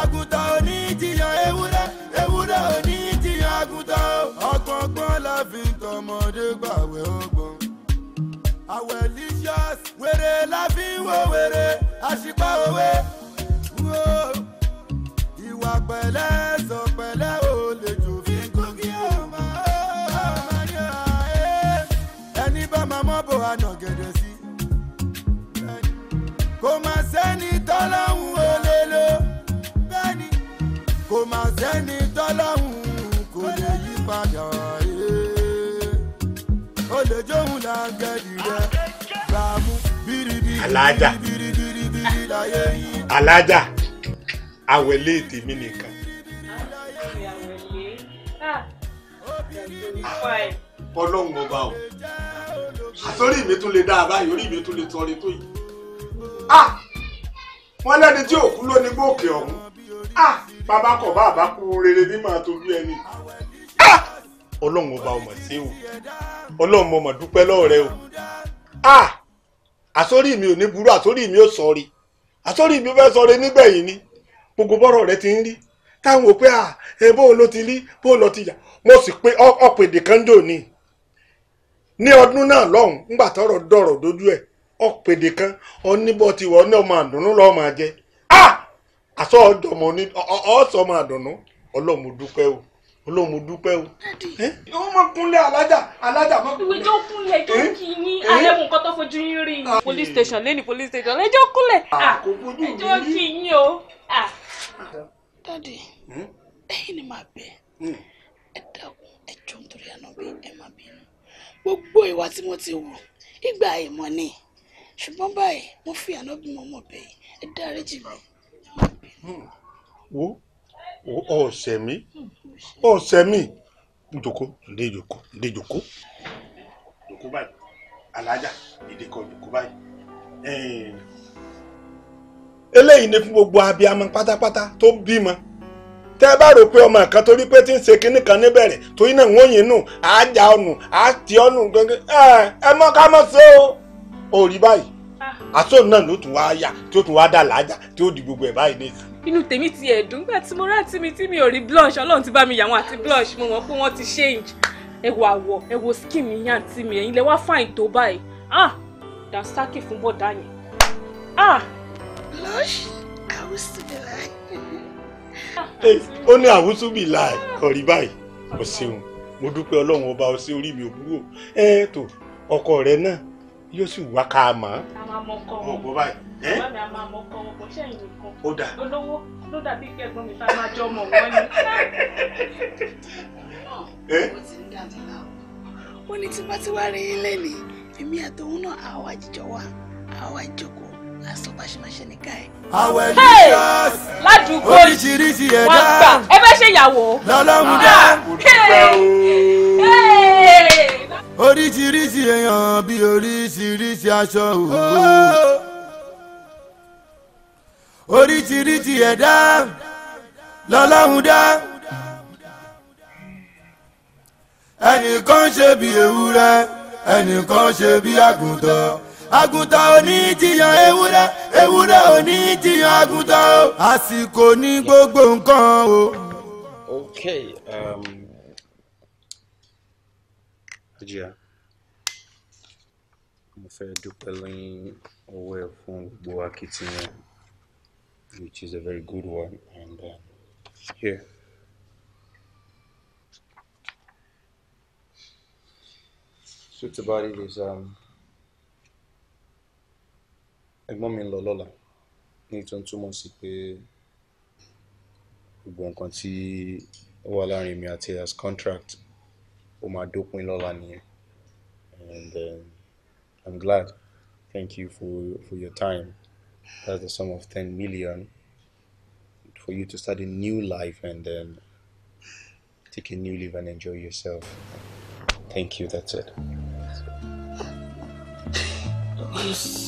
àgùntàn ò ní jiyàn ewúrẹ́ ewúrẹ́ ò ní jiyàn àgùntàn ọgbọ́n gbọ́n la fi tọmọdé gbàwẹ̀ ọgbọ́n àwẹ̀ licious wèrè la fi ń wo wèrè àṣìpá òwe ìwà pẹ̀lẹ́ sọ pẹ̀lẹ́ o. kò mà sẹ́ni tọ́lọ́hún kò lè yí padà eh. ó lè jóhun lágẹ̀dì rẹ̀ ràmú bíríbírí bíríbírí bíríbírí láyé yín. alájà àwẹ̀lé tèmi nìkan. ọlọ́run ọba o àtọ́rí mi tún lè dáa báyìí orí mi tún lè tọrin tó yìí. Ah! wọ́n lẹ́ni tí òkú ló ní gbòkè ọ̀hún. Ah, bàbá kọ̀ bá àbá kú rere ní màá ẹni. Ah! ọlọ́run ọba ọmọ sí o ọlọ́run ọmọ dúpẹ́ lọ́wọ́ rẹ o ah! àsórí mi ò ní burú àsórí mi ò sọ̀rí àsórí mi fẹ́ níbẹ̀ yìí ni gbogbo bọ́rọ̀ rẹ ti ń rí táwọn ò pé ẹ ló ti rí bóun lọ ti yà mo sì pé ọ̀pẹ̀dẹ̀ ní ọdún náà lọ́hùn ńgbà tọrọ àsọ o ní ọsọmọ àdùnnú Ọlọ́run mo dúpẹ́ o Ọlọ́run mo dúpẹ́ o. ó mọ kúnlẹ̀ alájà alájà mọ kúnlẹ̀. ìjọ kúnlẹ̀ tó kì í ní alẹ́mú nǹkan tó fojú yín rí i. Ah. police station lẹ́ni police station lẹ́jọ́ kúnlẹ̀. ẹjọ́ kì í yín o. Ah. dadi hmm? ẹ̀yin ni màá bẹ̀ hmm. ẹ dákun ẹ jọ nítorí àná bí ẹ má bínú gbogbo ìwà tí mo ti wù ìgbà ìmọ̀ ni ṣùgbọ́n báyìí mo fi àná bí mo mọ̀ bẹ́ẹ̀ ẹ dáríjì mi. wo o mi ọ̀sẹ̀ mi njoko ǹdẹ jòkó ǹdẹ jòkó jòkó báyìí alájà eléyìí ni fún gbogbo abiyamọ pátápátá tó bímọ tẹ́ bá rò pé ọmọ kan torí pé tí ń ṣe kinní kan níbẹ̀rẹ̀ torí náà wọ́n yìn nù á já ọ̀nù á ti ẹ ká sí o ò rí aṣọ náà ló tún wáá yà tí ó tún wáá dà láàjà tí ó di gbogbo ẹ̀ báyìí nìyí. inú tèmi ti ẹ̀dùn gbà tí mo rà mi tí mi ò rí blush ọlọ́run ti bá mi yàwọn àti blush mo mọ̀ pé wọ́n ti change ẹ wo àwọ̀ ẹ wo skin mi yàn tí mi ẹ̀yin lẹ wá fáìn tó báyìí ah dànsákì fún bọ́dà yẹn ah. blush àwùsùbìláì. ó ní àwùsùbìláì kò rí báyìí o ṣeun mo dúpẹ́ ọlọ́run ọba ọsẹ orí mi ò kúrò ẹ̀ẹ́dọ̀ ọkọ rẹ náà yóò sì wá ká a mọ̀. mo gbọ́ báyìí. ẹ ó dà. olówó ló dàbí kẹgbọn mi fáwọn àjọ ọmọ wọn ni. ó ní tí bá ti wá rí yín lẹ́nìí èmi àtòun náà àwa jíjọ wà àwa jókòó aṣọ bá ṣe máa ṣe nìka ẹ. àwẹ̀ jesus ládùúgbò oríṣiríṣi ẹ̀dá wọn gbà ẹ fẹ́ ṣe ìyàwó. lọ́lọ́run dá ah! oríṣiríṣi èèyàn bí oríṣiríṣi aṣọ òwò oríṣiríṣi ẹ̀dá lọ́lọ́run dá ẹnìkan ṣe bí ewúrẹ́ ẹnìkan ṣe bí àgùntàn àgùntàn ò jiyàn ewúrẹ́ ewúrẹ́ ò jiyàn àgùntàn o àsìkò ní gbogbo nǹkan o. okay um, Hajiya mo fẹ́ dúpẹ́ lẹ́yìn ọwọ́ ẹ̀ fún gbogbo akitiyan which is a very good one and uh, here. Sutabari is um, ẹ̀gbọ́n mi ń lọ lọ́la ní tó ń túmọ̀ sí pé gbogbo nǹkan tí ó wà láàrin mi àti as contract ó máa dópin lọ́la nìyẹn and um, I'm glad thank you for for your time that's the sum of ten million for you to start a new life and then take a new leave and enjoy yourself thank you that's it. Yes.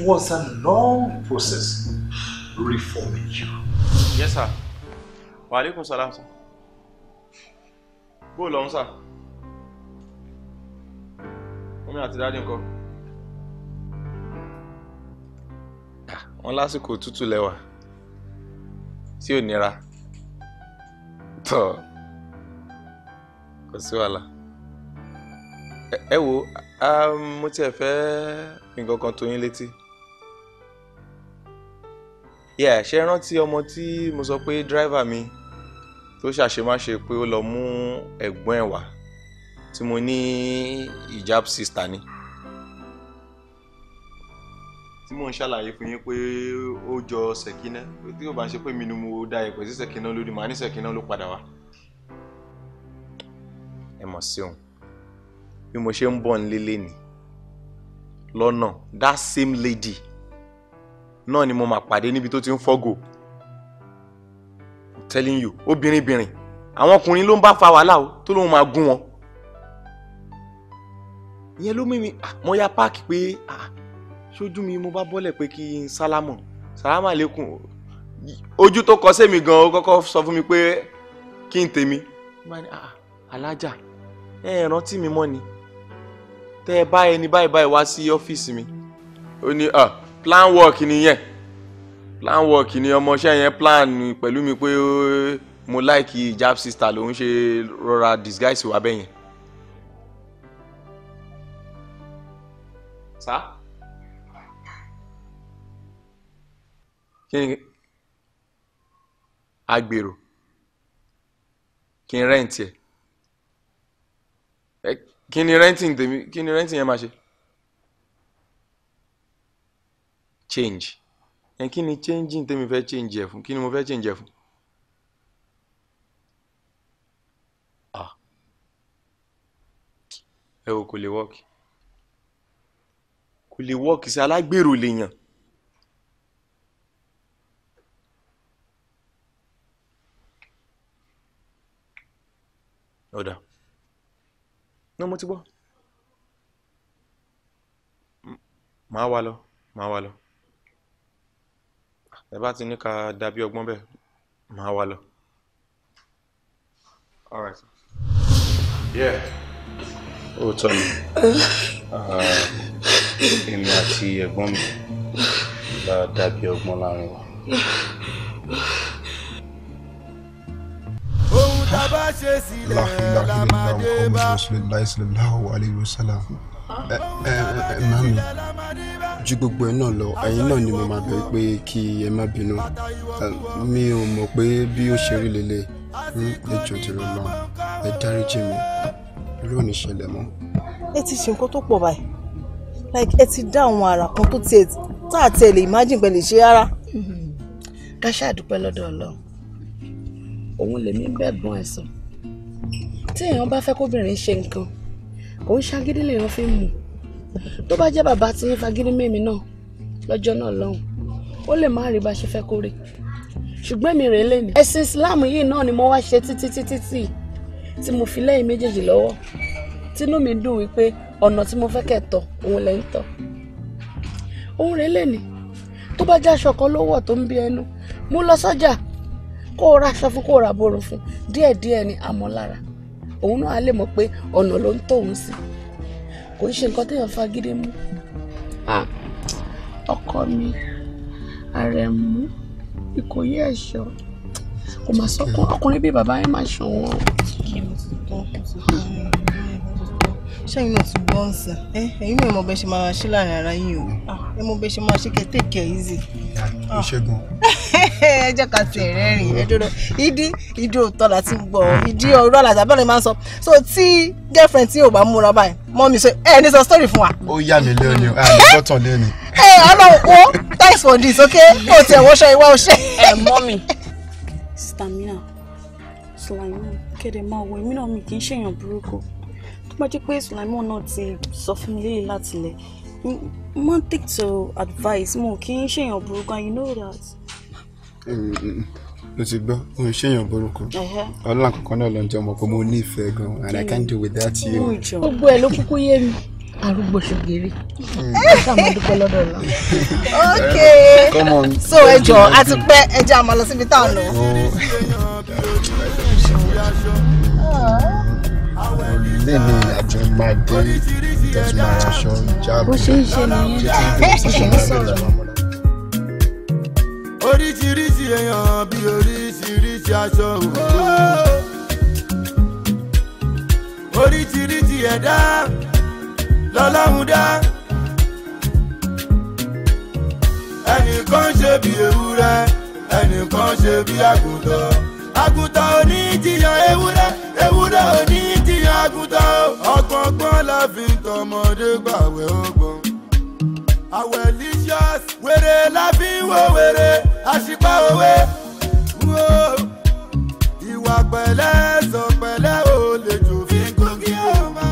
was a long process reforming you. Yes, sir. Wa alaikum salam, sir. Bó lọ́n sà? Omi àti dáadé nǹkan. Ah, wọ́n lásìkò tútù lẹ́wà tí ò nira. Tọ̀ kò sí wàhálà. Ẹ wo, mo tiẹ̀ fẹ́ nǹkan kan tó yín létí yeah ṣe rántí ọmọ tí mo sọ pé driver mi tó ṣàṣemáṣe pé ó lọ mú ẹ̀gbọ́n ẹ̀ wá tí mo ní hijab sister ni tí mò ń ṣàlàyé fún yín pé ó jọ ṣèkínà tí yóò bá ṣe pé mi ni mo da ìpè sí ṣèkínà lórí màá ní ṣèkínà ló padà wá. ẹ mọ̀ sí òun bí mo ṣe ń bọ̀ ń lélẹ̀ ni lọ́nà that same lady náà ni mo máa pàdé níbi tó ti ń fọ́gò I'm telling you obìnrin bìnrin àwọn ọkùnrin ló ń bá fa wàhálà o tó lóun máa gún wọn ìyẹn ló mímí ah, mo ya páàkì pé ah, ṣojú mi mo bá bọ́lẹ̀ pé kí n sálámù sálámù àlékún ojú tó kọ sẹ́mi gan ó kọ́kọ́ sọ fún mi pé kí n tèmi ah, alájà ẹ rántí mi mọ́ ni tẹ́ ẹ bá ẹni báyìí báyìí wá sí ọ́fíìsì mi ó ní ah plan work nìyẹn plan work ni ọmọọṣẹ́ yẹn plan pẹ̀lú mi pé mo like hijab sister lòun ṣe rọra disguise wa bẹ́yẹn. sá. kí ni agbèrò kí ni rẹ́ǹtì renting kí ni rẹ́ǹtì tèmi kí ni yẹn máa ṣe. change ẹ kí ni changing tẹ́mi fẹ́ change ẹ̀ fún kí ni mo fẹ́ change ẹ̀ fún. Ah. ẹ wò kò lè work kò lè work sí alágbèrò lèèyàn ọ̀dà náà mo ti gbọ́ máa wá lọ máa wá lọ ẹ bá ti ní ká dàbí ọgbọ́n bẹ́ẹ̀ máa wà lọ. yeah òótọ́ ni èmi àti ẹ̀gbọ́n mi la dàbí ọgbọ́n láàrin wa. ohun tá a bá ṣe sílẹ̀ la máa dé bá ẹ ẹ ẹ mami ju gbogbo ẹ náà lọ ẹ̀yin náà ni mo máa bẹ̀ pé kí ẹ má bínú mi ò mọ̀ pé bí ó ṣe rí lélẹ̀ ẹ jọ dèrò lọ ẹ dáríjì mi irú ní ṣẹlẹ̀ mọ́. ẹ ti ṣe nǹkan tó pọ̀ báyìí like ẹ ti dá àwọn àrà kan tó tiẹ̀ tá a tiẹ̀ lè imagine pé lè ṣe rárá. ká ṣàdúpẹ́ lọ́dọ̀ ọlọ́run òun lèmi bẹ́ẹ̀ gbọ́n ẹ̀ sọ tí èèyàn bá fẹ́ kóbìnrin ṣe nǹkan kò ń ṣagídí lèèyàn fi ń mú tó bá jẹ́ bàbá tí ń fagídí mẹ́mi náà lọ́jọ́ náà lọ́hùn ó lè má rí bá ṣe fẹ́ kó rí ṣùgbọ́n mi rèé lẹ́nu ẹ̀sìn Islam yìí náà ni mo wá ṣe títí títí tí tí mo fi lẹ́yìn méjèèjì lọ́wọ́ tínú mi dùn wípé ọ̀nà tí mo fẹ́ kẹ́ tọ̀ òun lẹ́ ń tọ̀ òun rèé lẹ́nu tó bá jẹ́ aṣọ kan ló wọ̀ tó ń bí ẹnu mú lọ sọ́jà kó o ra aṣọ fún kó o ra borò fún díẹ̀díẹ̀ ni àmọ́ lára òun náà á lè mọ̀ pé ọ̀nà ló ń tóun sí kò ń ṣe nǹkan téèyàn fagídé mú ọkọ mi àrẹ̀mú ìkòyí ẹ̀ṣọ́ kò mà sọ́kàn ọkùnrin bíi bàbá yẹn máa ṣọ̀wọ́n ṣẹ́yìn náà tún gbọ́n sìn ẹ ẹ̀yin náà mọ bẹ́ẹ̀ ṣe máa ṣe láàrin ara yín o ah. Ah, ẹ mọ bẹ́ẹ̀ ṣe máa ṣe kẹ́ take care easy. Ah. ìṣègùn. ẹ jẹ́ ká tiẹ̀ rẹ́rìn ẹ dúró ìdí ìdí òótọ́ la ti ń gbọ́ ìdí ọ̀rọ̀ àlàjà bẹ́ẹ̀ ni máa ń sọ so tí girlfriend tí ò bá múra báyìí mọ́ mi sọ ẹ ní sọ story fún wa. ó yà mí lẹ́nu àmì bọ́tàn lẹ́nu. ẹ ọlọ́run wo thanks for this okay o tiẹ̀ wọṣọ ìwà ọṣẹ. ẹ eh, mọ́ mi stamina slimin kéde máa wọ èmi náà mi kì í ṣèyàn burúkú bá jẹ́ pé Sulaimon náà ti sọ fún mi léyìí láti lẹ̀ mo ń take to advice mo kì í ṣèyàn burúkú and you know that. mo ti gbọ́ mo ń ṣèyàn burúkú ọlọ́run kankan náà ló ń jẹ́ ọmọ pé mo nífẹ̀ẹ́ gan and I can't do without you. gbogbo ẹ̀ ló kúkú yé mi arúgbó ṣògiri ṣàmúdúpẹ́ lọ́dọ̀ lọ. ok so ẹ jọ a ti pẹ́ lọ síbi táwọn lọ. Oh. Ah ilé mi àjọ máa dé ìtọ́jú máa aṣọ ìjáàbù bó ṣe ń ṣe nìyẹn títí ń sọ̀rọ̀. oríṣiríṣi èèyàn bí oríṣiríṣi aṣọ òwò oríṣiríṣi ẹ̀dá lọ́lọ́run dá ẹnìkan ṣe bí ewúrẹ́ ẹnìkan ṣe bí àgùntàn àgùntàn oníjìyàn ewúrẹ́ ewúrẹ́ òní ti àgùntàn ọgbọ̀ngbọ̀n la fi tọmọdé gbàwẹ̀ ọgbọ̀n. àwẹ̀ licious wèrè la fi ń wo wèrè àṣìpá òwe wo ìwà pẹ̀lẹ́ sọ pẹ̀lẹ́ ò lè jò fi kókí ọmọ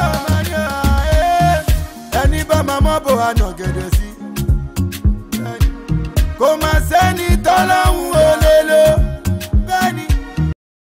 ọmọ yẹn ẹni bá máa mọ́ bò àná gẹ̀dẹ̀ sí kò má sẹ́ni tọ́lọ́hún olè lọ.